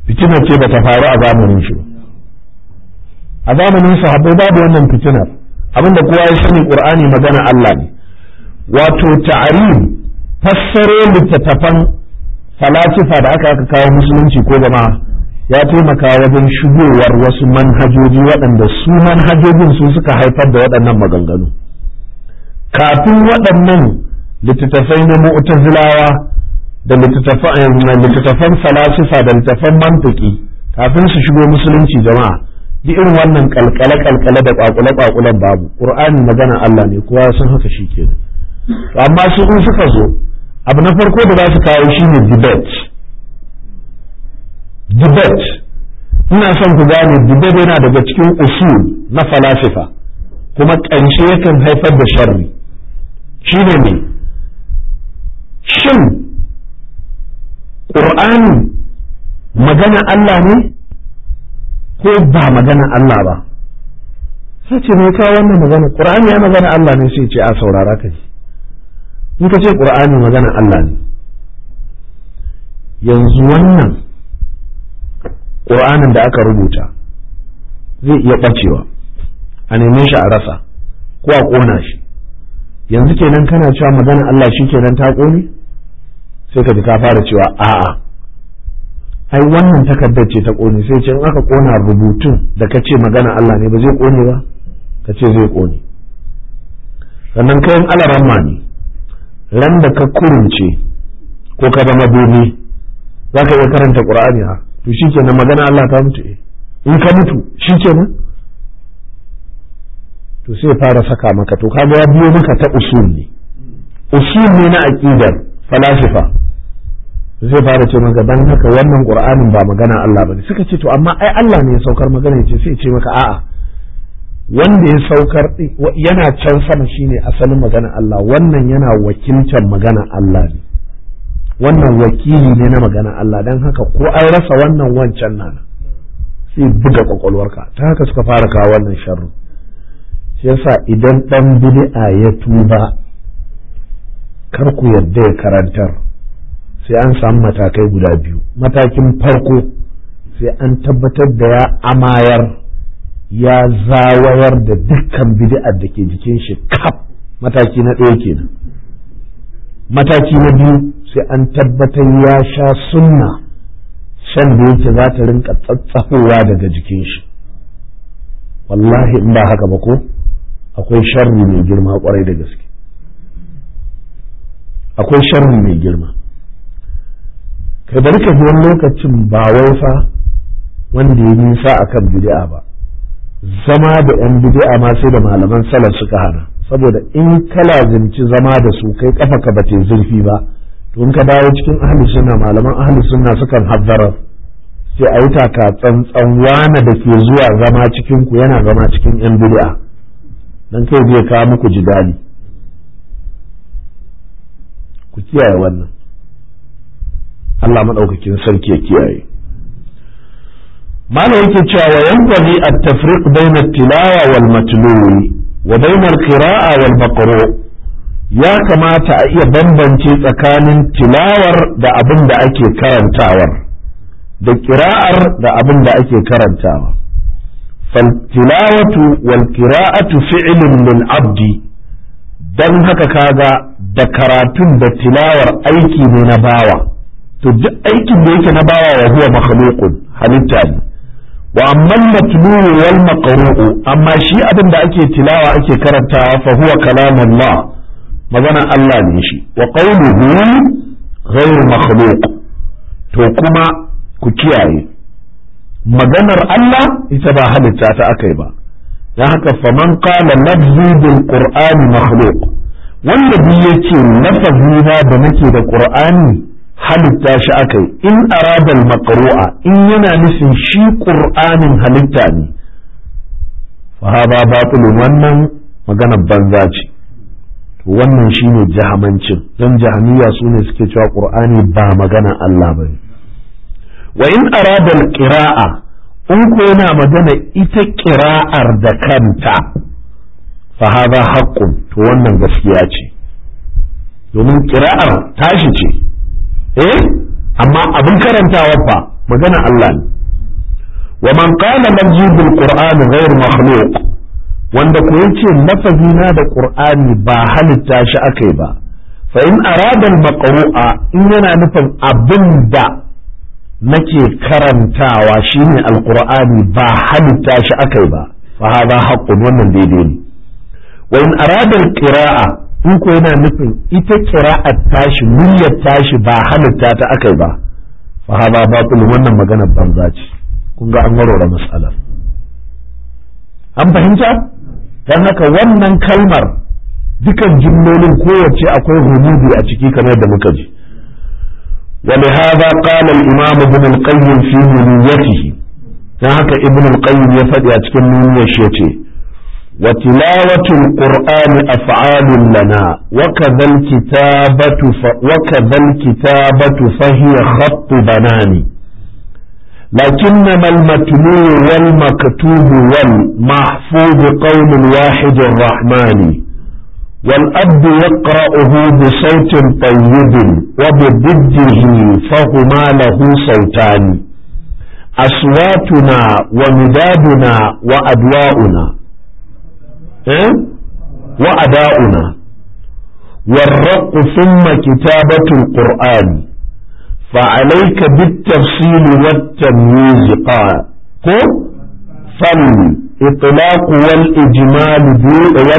fitinar ce ba ta faru a zamanin shi a zamanin sahabbai babu wannan fitinar abinda kowa ya sani qur'ani magana Allah ne wato ta'arim fassaro littattafan falasifa da aka aka kawo musulunci ko jama'a ya taimaka wajen shigowar wasu manhajoji waɗanda su manhajojin su suka haifar da waɗannan maganganu kafin waɗannan littattafai na mu'tazilawa da littattafan eh, falasifa da littattafan mantiki kafin su shigo musulunci jama'a duk irin wannan kalkale kalkale da kwakule kwakulen babu qur'ani magana Allah ne kowa sun haka shi shikenan amma su in suka zo abu na farko da za su kawo shi ne debate debate ina son ku gane debate yana daga cikin usul na falasifa kuma ƙarshe yakan haifar da sharri shi ne ne shin ƙur'ani magana Allah ne ko ba magana Allah ba sai ce mai kawo wannan magana ƙur'ani ya magana Allah ne sai ce a saurara ka ji in ka ce qur'ani magana Allah ne yanzu wannan qur'anin da aka rubuta zai iya ɓacewa a neme shi a rasa ko a ƙona shi yanzu kenan kana cewa magana Allah shi kenan ta ƙone? sai ka ka fara cewa a'a ai wannan takardar ce ta ƙone sai ce in aka ƙona rubutun da ka ce magana Allah ne ba zai kone ba ka ce zai ƙone. sannan kayan alaramma ne ran da ka kurince ko ka zama bebe za ka iya karanta ƙur'ani ha to shi kenan magana Allah ta mutu eh. in ka mutu shi kenan to sai fara saka maka to ka ya biyo maka ta usul ne usul ne na aqidar falasifa zai fara ce maka dan haka wannan qur'anin ba magana Allah bane suka ce to amma ai Allah ne ya saukar magana ce sai ce maka a'a wanda ya saukar yana can sama shine asalin magana Allah wannan yana wakiltar magana Allah ne wannan wakili ne na magana Allah don haka ko an rasa wannan wancan nan sai buga kwakwalwarka ta haka suka fara kawo wannan sharru shi yasa idan dan bid'a ya tuba kar ku yadda ya karantar sai an samu matakai guda biyu matakin farko sai an tabbatar da ya amayar ya zawayar da dukkan bid'ar da ke jikin shi kaf mataki na ɗaya kenan mataki na biyu sai an tabbatar ya sha sunna shan da yake za ta rinka tsatsahowa daga jikin shi wallahi in ba haka ba ko akwai sharri mai girma kwarai da gaske akwai sharri mai girma kai bari ka wani lokacin ba wai fa wanda ya nisa akan bidi'a ba zama da yan bid'a ma sai da malaman salaf suka hana saboda in ka lazimci zama da su kai kafa ka bata zurfi ba to in ka dawo cikin ahli suna malaman ahli sunna sukan haddara sai a yi taka tsantsan wane da ke zuwa zama cikin ku yana zama cikin yan bid'a dan kai zai kawo muku jidali ku kiyaye wannan Allah maɗaukakin sarki ya kiyaye malam yake cewa wa yanbaghi at-tafriq bayna at-tilawa wal matluwi wa bayna al-qira'a wal maqru ya kamata a iya bambance tsakanin tilawar da abin da ake karantawar da kira'ar da abin da ake karantawa tilawatu wal qira'atu fi'lun lil abdi dan haka kaga da karatun da tilawar aiki ne na bawa to duk aikin da yake na bawa wa huwa makhluqun halitta ne wa amman matlu'u wal maqru'u amma shi abin da ake tilawa ake karantawa fa huwa kalamullah maganan Allah ne shi wa qawluhu ghayr makhluq to kuma ku kiyaye maganar Allah ita ba halitta ta akai ba dan haka faman qala nabzi bil qur'ani makhluq wanda bi yace lafazi da nake da qur'ani halitta shi aka yi in aradal maqru'a in yana nufin shi qur'anin halitta ne fahaba batilun wannan magana banza ce wannan shine jahamancin Don jahamiya sune suke cewa qur'ani ba magana Allah bane wa in aradal qira'a in ko yana magana ita qira'ar da kanta fahaba haqqun to wannan gaskiya ce domin ƙira'ar tashi ce eh amma abin karantawa fa magana Allah ne wa man qala majidul qur'an ghayr makhluq wanda ko yace lafazi na da qur'ani ba halitta shi akai ba fa in arada al-maqru'a in yana nufin abinda nake karantawa shine alqur'ani ba halitta shi akai ba fa hadha haqqun wannan daidai ne wa in arada al-qira'a ku ko yana nufin ita a tashi muryar tashi ba halitta ta akai ba fa hada batil wannan magana banza ce kun ga an warware mas'alar an fahimta dan haka wannan kalmar dukan jimlolin kowace akwai hududi a ciki kamar da muka ji ولهذا قال الإمام ابن القيم في نيته dan haka ibn al-qayyim ya faɗi a cikin niyyar shi yace وتلاوة القرآن أفعال لنا وكذا الكتابة ف... وكذا الكتابة فهي خط بنان لكنما المتلو والمكتوب والمحفوظ قول واحد الرحمن والأب يقرأه بصوت طيب وبضده فهما له صوتان أصواتنا ومدادنا وأدواؤنا Wa'ada una, warra ku summa kitabatun Kur'an fa alaika duk tafsirin watan yin ko. Fan ikilaku wal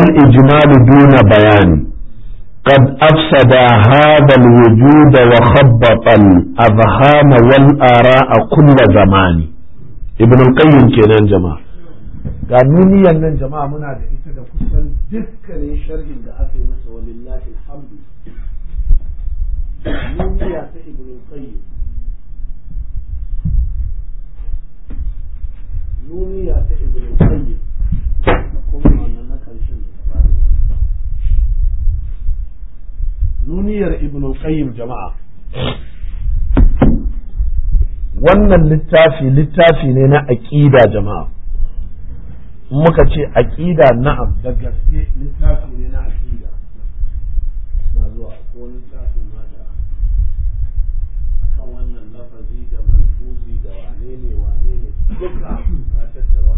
ijimalu duna bayan. Ka afsada da haɗa lu'u dawa hababan a zahama wal'ara a Ibn ƙaryin kenan jama'a. ga nuniyan nan jama'a muna da ita da kusan dukkanin sharhin da aka yi masa wa lillahi alhamdu nuniya ta ibn qayyim nuniya ta ibn qayyim da kuma wannan na karshen da ta nuniyar ibn qayyim jama'a wannan littafi littafi ne na aqida jama'a muka ce aqida na'am da gaske littafi ne na aƙida na zuwa ko littafi ma da akan wannan lafazi da malfuzi da wane ne wane ne duka na tattara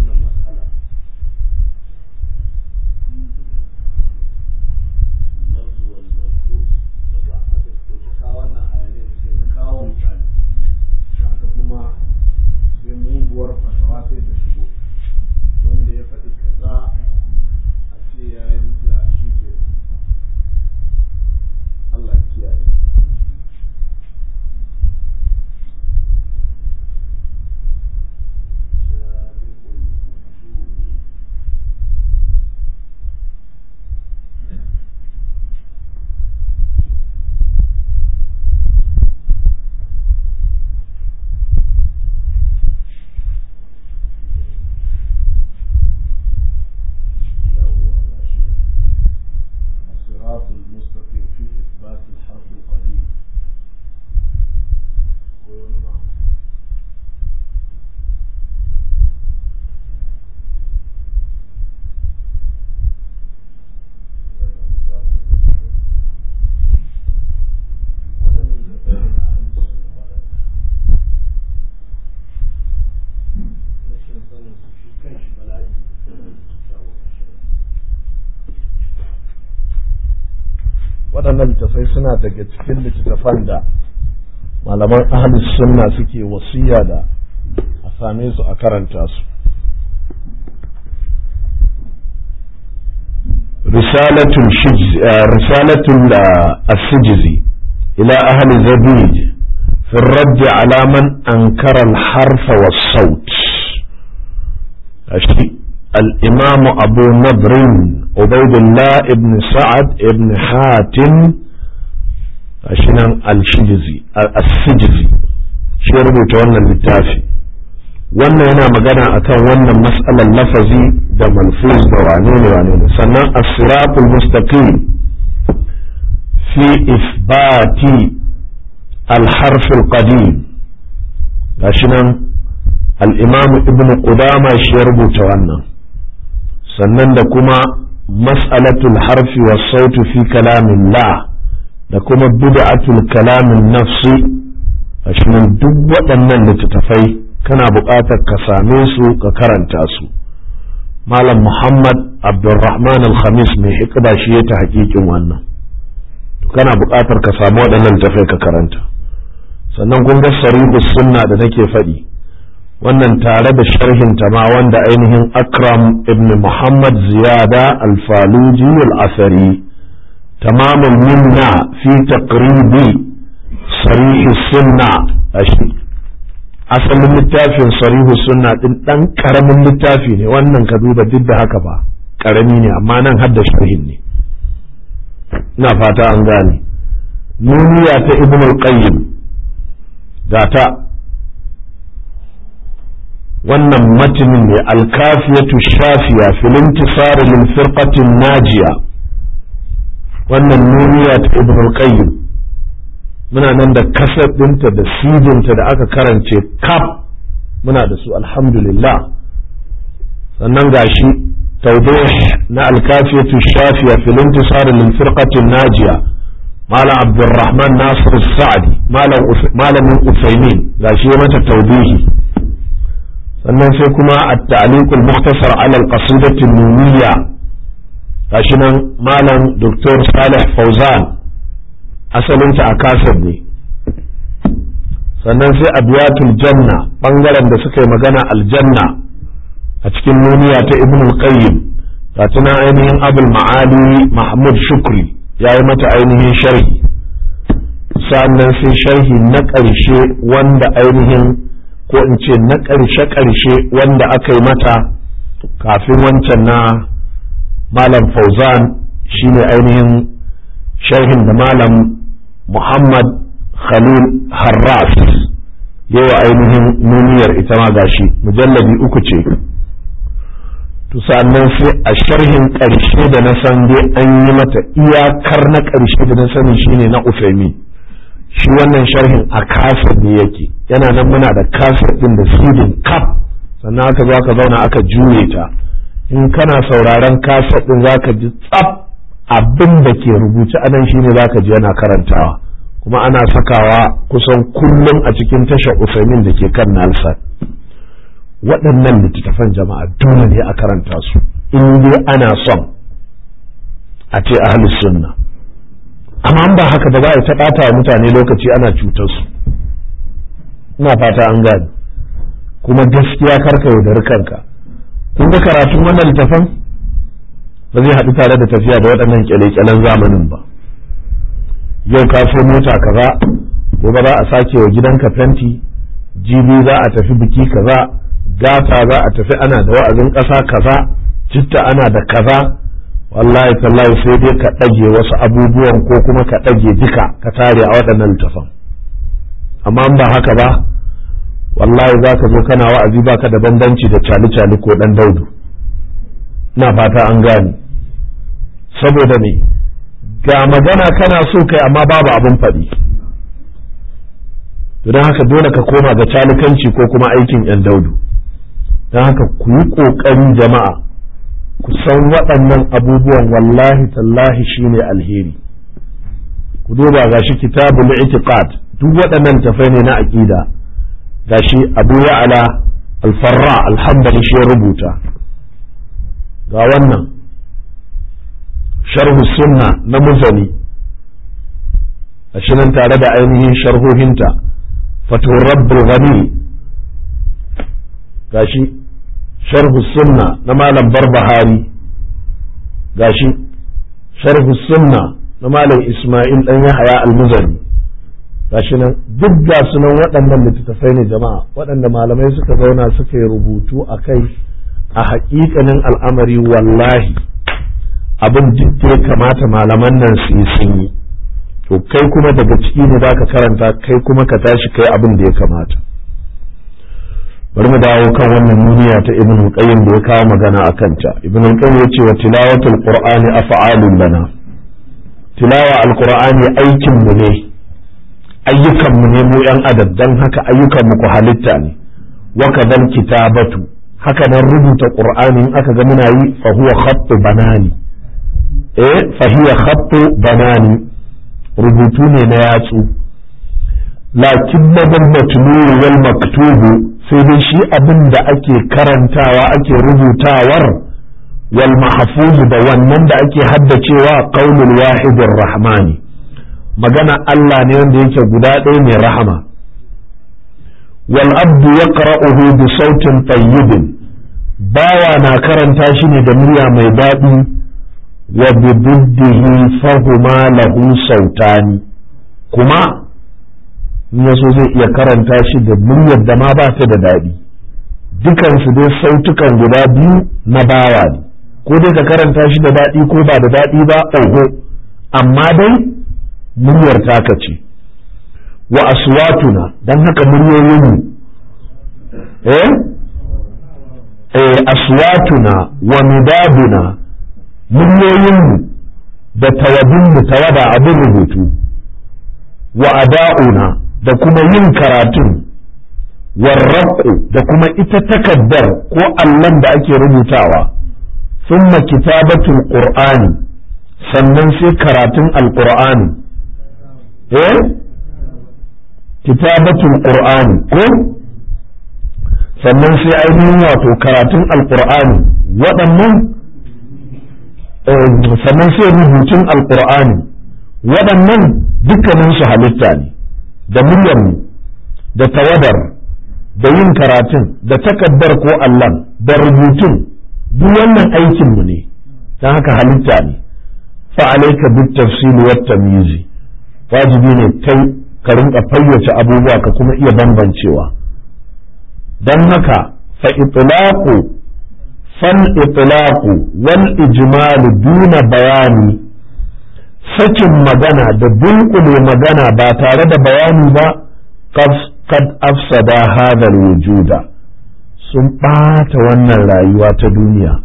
yana daga cikin littattafan da malaman ahli sunna suke wasiya da a same su a karanta su risalatul eh, risalatul eh, asijizi ila ahli zabij fi raddi ala man ankara al-harfa wa saut الإمام أبو نضر عبيد الله ابن سعد ابن حاتم a alshijizi nan alsijizi shi ya rubuta wannan littafi wannan yana magana akan wannan mas'alan lafazi da manfuz da wane ne wane ne sannan as-siratul mustaqim fi isbati al-harf al-qadim gashi al-imam ibn qudama shi ya rubuta wannan sannan da kuma mas'alatul harfi was sautu fi kalamin la da kuma bid'atul kalamin nafsi a shirin duk waɗannan littattafai kana buƙatar ka same su ka karanta su malam muhammad abdulrahman al-khamis mai hikba shi ya ta hakikin wannan kana buƙatar ka samu waɗannan littattafai ka karanta sannan kun ga sarihu sunna da nake faɗi wannan tare da sharhin ta ma wanda ainihin akram ibn muhammad ziyada al-faluji al-asari تماما منا في تقريب صريح السنة أشي asalin littafin sarihu sunna ɗin ɗan karamin littafi ne wannan ka duba duk da haka ba karami ne amma nan hadda sharhin ne ina fata an gane nuniya ta ibn al-qayyim gata wannan matinin ne alkafiyatu shafiya fil intisar lil firqatin najiya wannan nuniya ta ibn al-qayyim muna nan da kasar ɗinta da sidinta da aka karance kaf muna da su alhamdulillah sannan gashi tawdih na al-kafiyatu shafiya fil intisar lil firqati najiya malam abdurrahman nasir sa'di malam malamin usaimin gashi mata tawdihi sannan sai kuma at-ta'liq al-mukhtasar ala al-qasidati an-nuniyya gashi nan malam doktor salih fauzan asalinta a kasar ne sannan sai abiyatul janna bangaren da suka yi magana aljanna a cikin muniya ta ibn al-qayyim ta tuna ainihin abul ma'ali mahmud shukri ya yi mata ainihin sharhi sannan sai sharhi na ƙarshe wanda ainihin ko in ce na ƙarshe-ƙarshe wanda aka yi mata kafin wancan na malam fauzan shine ainihin sharhin da malam muhammad khalil harras yawa ainihin nuniyar ita ma gashi mujallabi uku ce to sannan sai a sharhin ƙarshe da na san dai an yi mata iyakar na ƙarshe da na sani shine na ufemi shi wannan sharhin a kafir ne yake yana nan muna da kafir ɗin da sidin kaf sannan aka zo aka zauna aka juye ta in kana sauraron kaset ɗin zaka ji tsaf abin da ke rubuce anan shine zaka ji yana karantawa kuma ana sakawa kusan kullum a cikin tashar usaimin da ke kan nalsan waɗannan littattafan jama'a dole ne a karanta su in dai ana son a ce ahlus sunna amma ba haka ba za a ta ɓata wa mutane lokaci ana cutar su ina fata an gani kuma gaskiya karka yaudari kanka kun ga karatun wannan littafan ba zai haɗu tare da tafiya da waɗannan kyale-kyalen zamanin ba yau ka so mota kaza gobe za a sake wa gidanka fenti jibi za a tafi biki kaza gata za a tafi ana da wa'azin ƙasa kaza citta ana da kaza wallahi tallahi sai dai ka ɗage wasu abubuwan ko kuma ka ɗage duka ka tare a waɗannan littafan amma ba haka ba wallahi za ka zo kana wa'azi ba ka da bambanci da cali-cali ko ɗan daudu na fata an gane saboda ne ga magana kana so kai amma babu abin faɗi don haka dole ka koma ga calikanci ko kuma aikin yan daudu don haka ku yi ƙoƙarin jama'a ku san waɗannan abubuwan wallahi tallahi shine alheri ku duba ga gashi kitabul itiqad duk waɗannan tafai ne na aƙida gashi abu ala alfarra alhambali shi ya rubuta ga wannan sharhu sunna na muzani a shirin tare da ainihin sharhohinta fatuwar rabbul gani gashi sharhu sunna na malam barbahari gashi sharhu sunna na malam isma'il dan yahaya al-muzani gashi nan duk ga sunan waɗannan littattafai ne jama'a waɗanda malamai suka zauna suka yi rubutu a kai a haƙiƙanin al'amari wallahi abin duk da ya kamata malaman nan su yi sun yi to kai kuma daga ciki ne zaka karanta kai kuma ka tashi kai abin da ya kamata bari mu dawo kan wannan duniya ta ibn qayyim da ya kawo magana a kanta ibn qayyim ya ce wa tilawatul qur'ani af'alun lana tilawa al al-qur'ani aikin mu ne ayyukanmu ne mu ‘yan adam don haka ayyukanmu ku halitta ne wa kitabatu haka nan rubuta ƙur'anin aka ga muna yi huwa khattu banani eh huwa khattu banani rubutu ne na yatsu lakin madal matlu wal maktubu sai dai shi abin da ake karantawa ake rubutawar wal mahfuz da wannan da ake haddacewa qaulul wahidir rahmani magana Allah ne wanda yake guda ɗaya mai rahama wal abdu yaqra'uhu bi sautin tayyibin bawa na karanta shi ne da murya mai daɗi wa bi buddihi fahuma lahu sautani kuma in so zai iya karanta shi da muryar da ma ba ta da daɗi dukansu dai sautukan guda biyu na bawa ne ko dai ka karanta shi da daɗi ko ba da daɗi ba oho amma dai muryar taka ce wa aswatuna don haka muryoyin eh eh aswatuna wa nidaduna mu da mu tawada abin rubutu wa ada'una da kuma yin karatun warraku da kuma ita takaddar ko allon da ake rubutawa summa kitabatul qur'ani sannan sai karatun alqur'ani Eh? kitabatul qur'ani ko sannan sai ainihin wato karatun alqur'ani waɗannan eh, sannan sai rubutun alqur'ani waɗannan dukkanin su halitta ne da mu da tawadar da yin karatun da takaddar ko allan da rubutun duk wannan aikin mu ne ta haka halitta ne fa alayka bit tafsil wat tamyiz wajibi ne kai ka rinka fayyace abubuwa ka kuma iya bambancewa don haka fa itlaqu fal itlaqu wal ijmal duna bayani sakin magana da dunkule magana ba tare da bayani ba kad afsada hadha wujuda sun ɓata wannan rayuwa ta duniya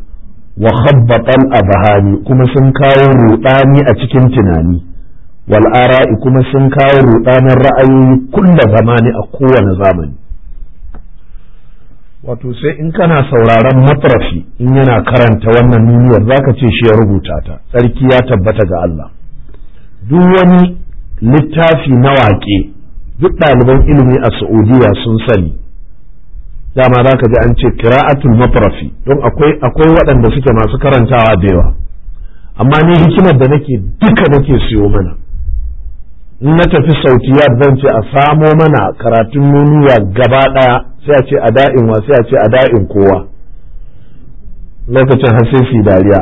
wa khabbatan abhani kuma sun kawo rudani a cikin tunani wal ara'i kuma sun kawo rudanin ra'ayoyi kulla zamani a kowane zamani wato sai in kana sauraron matrafi in yana karanta wannan duniyar zaka ce shi ya rubuta ta tsarki ya tabbata ga Allah duk wani littafi na waƙe duk ɗaliban ilimi a Saudiya sun sani dama za ka ji an ce kira'atul matrafi don akwai akwai waɗanda suke masu karantawa da yawa amma ne hikimar da nake duka nake siyo mana na tafi sautiya zan ce a samo mana karatun nuniya gaba ɗaya sai a ce a da'in wa sai a ce a da'in kowa lokacin har sai su dariya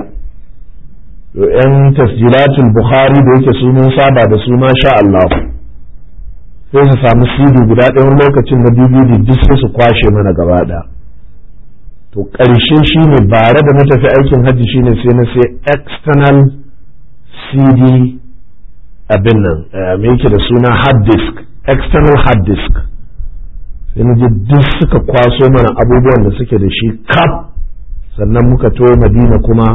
yan tasjilatul bukhari da yake su mun saba da su ma sha Allah sai su samu cd guda ɗaya lokacin na dvd duk sai su kwashe mana gaba ɗaya to ƙarshe shine bare da na tafi aikin hajji shine sai na sai external cd abin nan eh, me yake da suna hard disk external hard disk sai duk suka kwaso mana abubuwan da suke da shi kaf sannan muka to madina kuma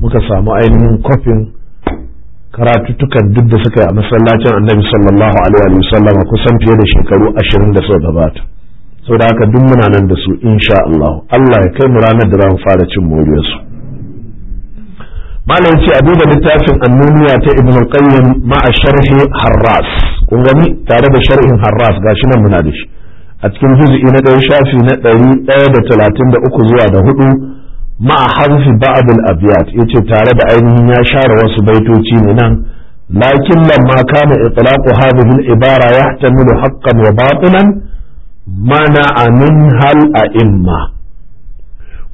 muka samu ainihin kofin karatuttukan duk da suka yi a masallacin annabi sallallahu alaihi wa sallam kusan fiye da shekaru ashirin da suka gabata saboda haka duk muna nan da su insha Allah Allah ya kai mu ranar da za mu fara cin moriyarsu malam ce a duba littafin annuniya ta ibn al-qayyim ma'a sharhi harras kun gani tare da sharhin harras gashi nan muna da shi a cikin juz'i na ɗaya shafi na ɗari ɗaya da talatin da uku zuwa da hudu ma'a harfi ba'd al-abyat yace tare da ainihin ya share wasu baitoci ne nan lakin lamma kana itlaqu hadhihi al-ibara yahtamilu haqqan wa batilan mana'a min hal a'imma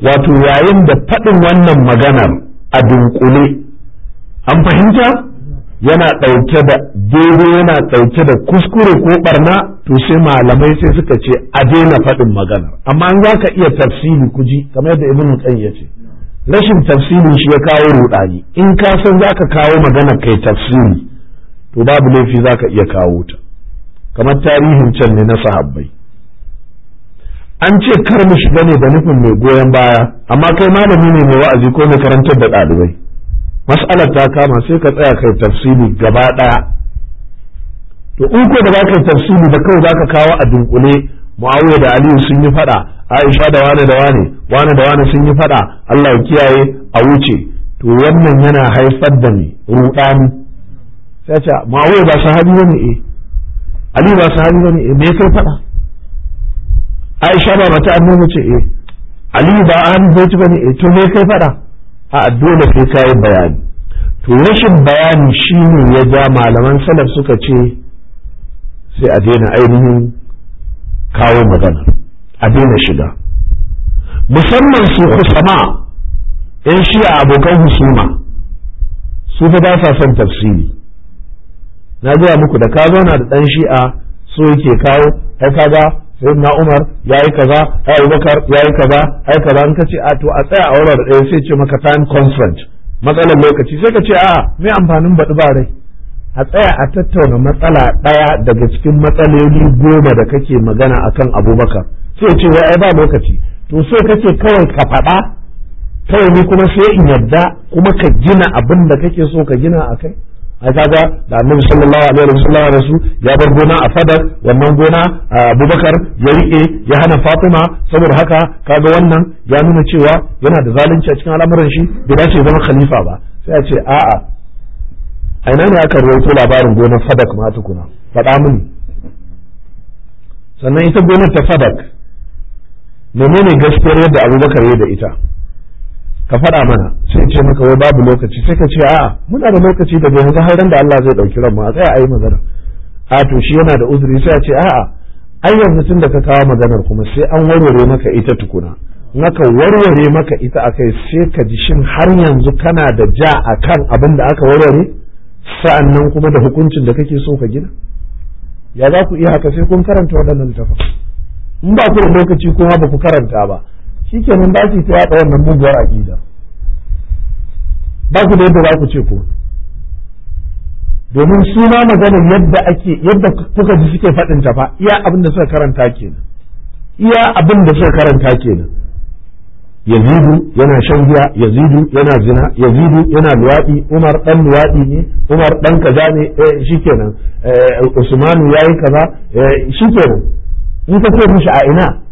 wato yayin da faɗin wannan maganar a dunkule an fahimta yana ɗauke da daidai yana ɗauke da kuskure ko barna to sai malamai sai suka ce a daina faɗin magana amma an za ka iya tafsiri kuji kamar yadda ibn qayyim ya ce rashin tafsirin shi ya kawo rudani in ka san za ka kawo magana kai tafsiri to babu laifi za ka iya kawo ta kamar tarihin can ne na sahabbai an ce karmish ba ne da nufin mai goyon baya amma kai malami ne mai wa'azi ko mai karantar da ɗalibai mas'alar ta kama sai ka tsaya kai tafsiri gaba ɗaya to in ko da za ka yi tafsiri da kawai za ka kawo a dunkule muawiya da aliyu sun yi faɗa aisha da wane da wane wane da wane sun yi faɗa allah ya kiyaye a wuce to wannan yana haifar da ni ruɗani sai ce muawiya ba sahabi ne eh aliyu ba sahabi ne eh me kai faɗa aisha ba mata an ce e aliyu ba an baiti bane ne, eh, to me kai fada a dole sai kai bayani to rashin bayani shine ya ja malaman salaf suka ce sai a daina ainihin kawo magana a daina shiga musamman su husama yan shi'a abokan husuma su fa ba sa son tafsiri na gaya muku da ka zauna da ɗan shi'a so yake kawo ai kaga sayyidina Umar yayi kaza ai ya yayi kaza ai kaza an kace a to a tsaya a wurin ɗaya sai ce maka time conference matsalar lokaci sai ka ce a me amfanin baɗi ba rai a tsaya a tattauna matsala ɗaya daga cikin matsaloli goma da kake magana a kan Abubakar sai ce wai ai ba lokaci to so kake kawai ka faɗa kawai ni kuma sai in yarda kuma ka gina abin da kake so ka gina a kai. ai kaga da annabi sallallahu alaihi sallam da su ya bar gona a fadar wannan gona a Abubakar ya rike ya hana Fatima saboda haka kaga wannan ya nuna cewa yana da zalunci a cikin al'amuran shi bai dace zama khalifa ba sai a ce a'a a ina ne aka rawaito labarin gonar fadak ma tukuna faɗa mini sannan ita gonar ta fadak menene gaskiyar yadda Abubakar ya da ita ka faɗa mana sai ce maka wai babu lokaci sai ka ce a'a muna da lokaci da yanzu har da Allah zai ɗauki ranmu a tsaya a yi magana a to shi yana da uzuri sai a ce a'a ai yanzu tun da ka kawo maganar kuma sai an warware maka ita tukuna naka warware maka ita akai sai ka ji shin har yanzu kana da ja a kan abin da aka warware sa'an nan kuma da hukuncin da kake so ka gina ya za ku iya haka sai kun karanta waɗannan littafin in ba ku da lokaci kuma ba ku karanta ba shikenan ba su yi ta yaɗa wannan muguwar aƙida ba su da yadda za ku ce ko domin su ma maganar yadda ake yadda kuka ji suke faɗin ta fa iya abin da suka karanta kenan iya abin da suka karanta kenan yazidu yana shan giya yazidu yana zina yazidu yana luwaɗi umar ɗan luwaɗi ne umar ɗan kaza ne eh, shikenan eh, usmanu yayi kaza eh, shikenan in ka ce mishi a ina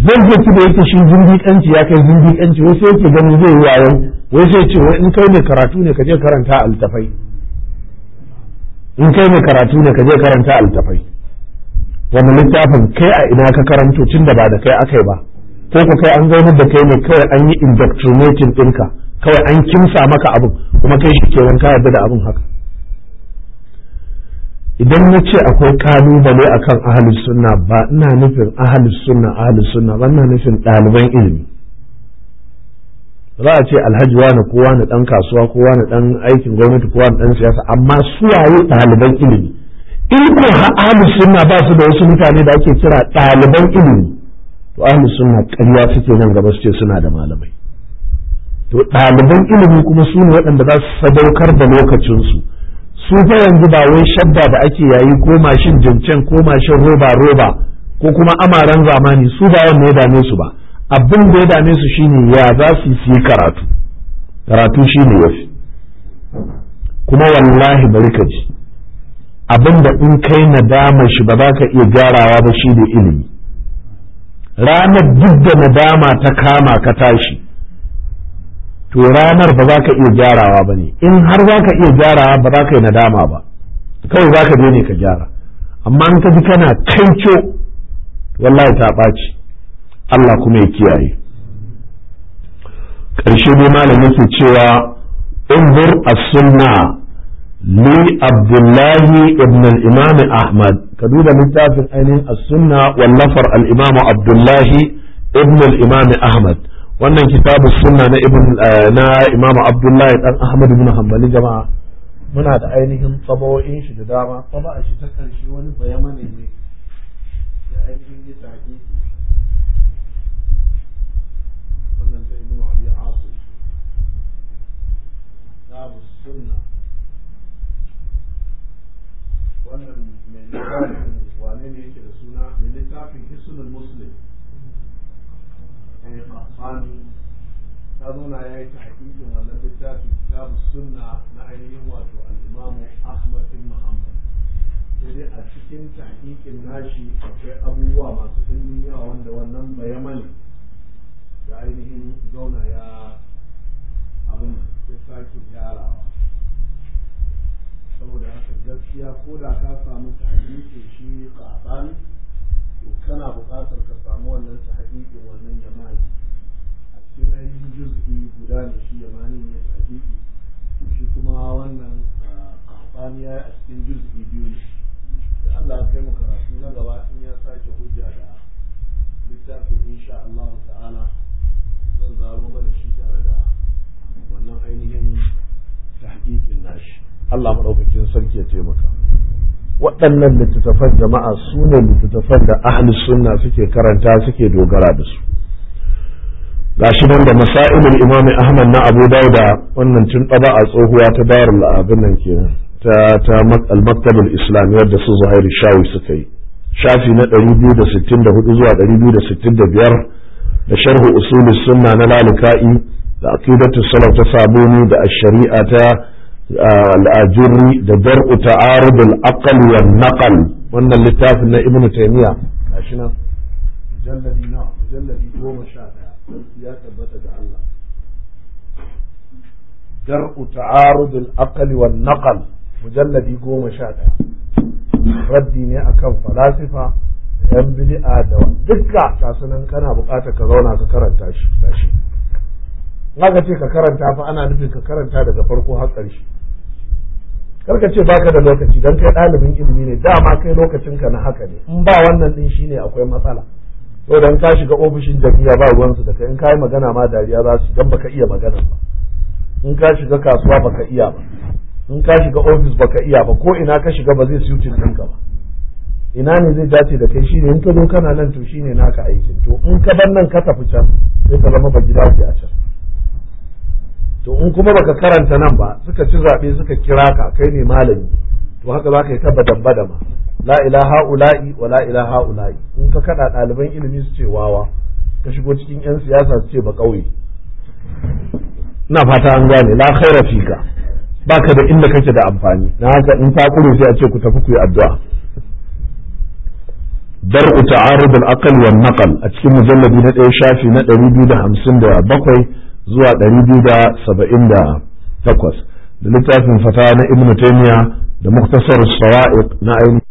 zazzaki da yake shi zindiƙanci ya kai kanci wasu yake ganin zai yi wayo wai sai ce wai in kai ne karatu ne ka je karanta altafai in kai ne karatu ne ka karanta altafai wannan littafin kai a ina ka karanto tun da ba da kai akai ba ko ka kai an zaunar da kai ne kawai an yi indoctrinating ɗinka kawai an kimsa maka abin kuma kai shi ke ka yarda da abin haka idan na ce akwai kalubale akan ahalus suna ba ina nufin ahalus suna ahalus suna ba ina nufin ɗaliban ilimi za a ce alhaji wani kowa na ɗan kasuwa kowa na ɗan aikin gwamnati kowa na ɗan siyasa amma suwaye ɗaliban ilimi in ko ahalus suna ba su da wasu mutane da ake kira ɗaliban ilimi to ahalus suna ƙarya suke nan gaba su ce suna da malamai to ɗaliban ilimi kuma su ne waɗanda za su sadaukar da lokacinsu su fa yanzu ba wai shadda da ake yayi ko mashin jincan ko mashin roba roba ko kuma amaran zamani su ba wannan ya dame su ba abin da ya dame su shine ya za su yi karatu karatu shine fi. kuma wallahi bari ji abin da in kai nadama shi ba za ka iya gyarawa ba shi da ilimi ranar duk da nadama ta kama ka tashi to ranar ba za ka iya gyarawa ba ne in har za ka iya gyarawa ba za ka yi nadama ba kawai za ka je ne ka gyara amma in ka ji kana kanco wallahi ta ɓaci Allah kuma ya kiyaye ƙarshe dai malamin su cewa Abdullahi Ibn al الله Ahmad, الإمام أحمد كدود ainihin تافل sunna wallafar Al-imam Abdullahi Ibn al الإمام Ahmad. wannan kitabu sunna na ibn eh, na imamu abdullahi dan ahmad ibn hanbali jama'a muna da ainihin tsabawoyin shi da dama tsaba shi ta karshe wani bayamane ne da ainihin ya tage wannan ta ibn abi asu kitabu sunna wannan mai littafin wane ne yake da suna mai littafin hisnul muslim ta zauna ya yi tahqiqin wannan littafi kitabu sunna na ainihin wato al-Imam Ahmad bin Muhammad sai a cikin tahqiqin nashi akwai abubuwa masu dimbin yawa wanda wannan bayaman da ainihin zauna ya abin ya sake gyarawa saboda haka gaskiya ko da ka samu tahqiqin shi ƙasan to kana buƙatar ka samu wannan tahqiqin wannan yamani sai na juzgi guda da shi ya mani ne tafifi shi kuma wannan kafani ya a cikin juzgi biyu da Allah ya kai mu karatu na gaba in ya sake hujja da littafin insha Allah ta'ala zan zaro mana shi tare da wannan ainihin tahqiqin nashi Allah madaukakin sarki ya taimaka waɗannan littattafan jama'a su ne littattafan da ahlus sunna suke karanta suke dogara da su gashi nan da masailul imam ahmad na abu dauda wannan tun ɗaba a tsohuwa ta darul abin nan ke ta ta al-maktabul islami wadda su Zuhairu shawi suka yi shafi na 264 zuwa 265 da sharhu usulus sunna na lalika'i da aqidatu salaf ta sabuni da ash-shari'a ta al-ajurri da dar'u ta'arud al-aql wa naql wannan littafin na ibnu taymiya gashi nan mujalladi na mujalladi 11 ya tabbata ga Allah dar'u ta'arudul aqli wan naqal mujalladi goma sha ɗaya raddi ne akan falasifa yan bid'a da dukka ta kana buƙatar ka zauna ka karanta shi tashi ga ce ka karanta fa ana nufin ka karanta daga farko har ƙarshe karka ce baka da lokaci dan kai ɗalibin ilimi ne dama kai lokacin ka na haka ne in ba wannan din shine akwai matsala to in ka shiga ofishin jam'iyya ba ruwansu da kai in ka magana ma dariya za su dan baka iya magana ba in ka shiga kasuwa baka iya ba in ka shiga ofis baka iya ba ko ina ka shiga ba zai suitin ɗinka ba ina ne zai dace da kai shine in ka zo kana nan to shine naka aikin to in ka bar nan ka tafi can sai ka zama ba gida dace a can to in kuma baka karanta nan ba suka ci zaɓe suka kira ka kai ne malami to haka za ka yi ta badan badama la ilaha ula'i wa la ilaha ula'i in ka kada ɗaliban ilimi su ce wawa ka shigo cikin yan siyasa su ce ba ƙauye ina fata an gane la khaira ba baka da inda kake da amfani na haka in ta kure sai a ce ku tafi ku yi addu'a درء تعارض الأقل والنقل أتكي مجلد نا ɗaya shafi na ɗari biyu da hamsin da bakwai zuwa ɗari da littafin fata na ibnu taymiya da muktasar sawa'iq na ainihin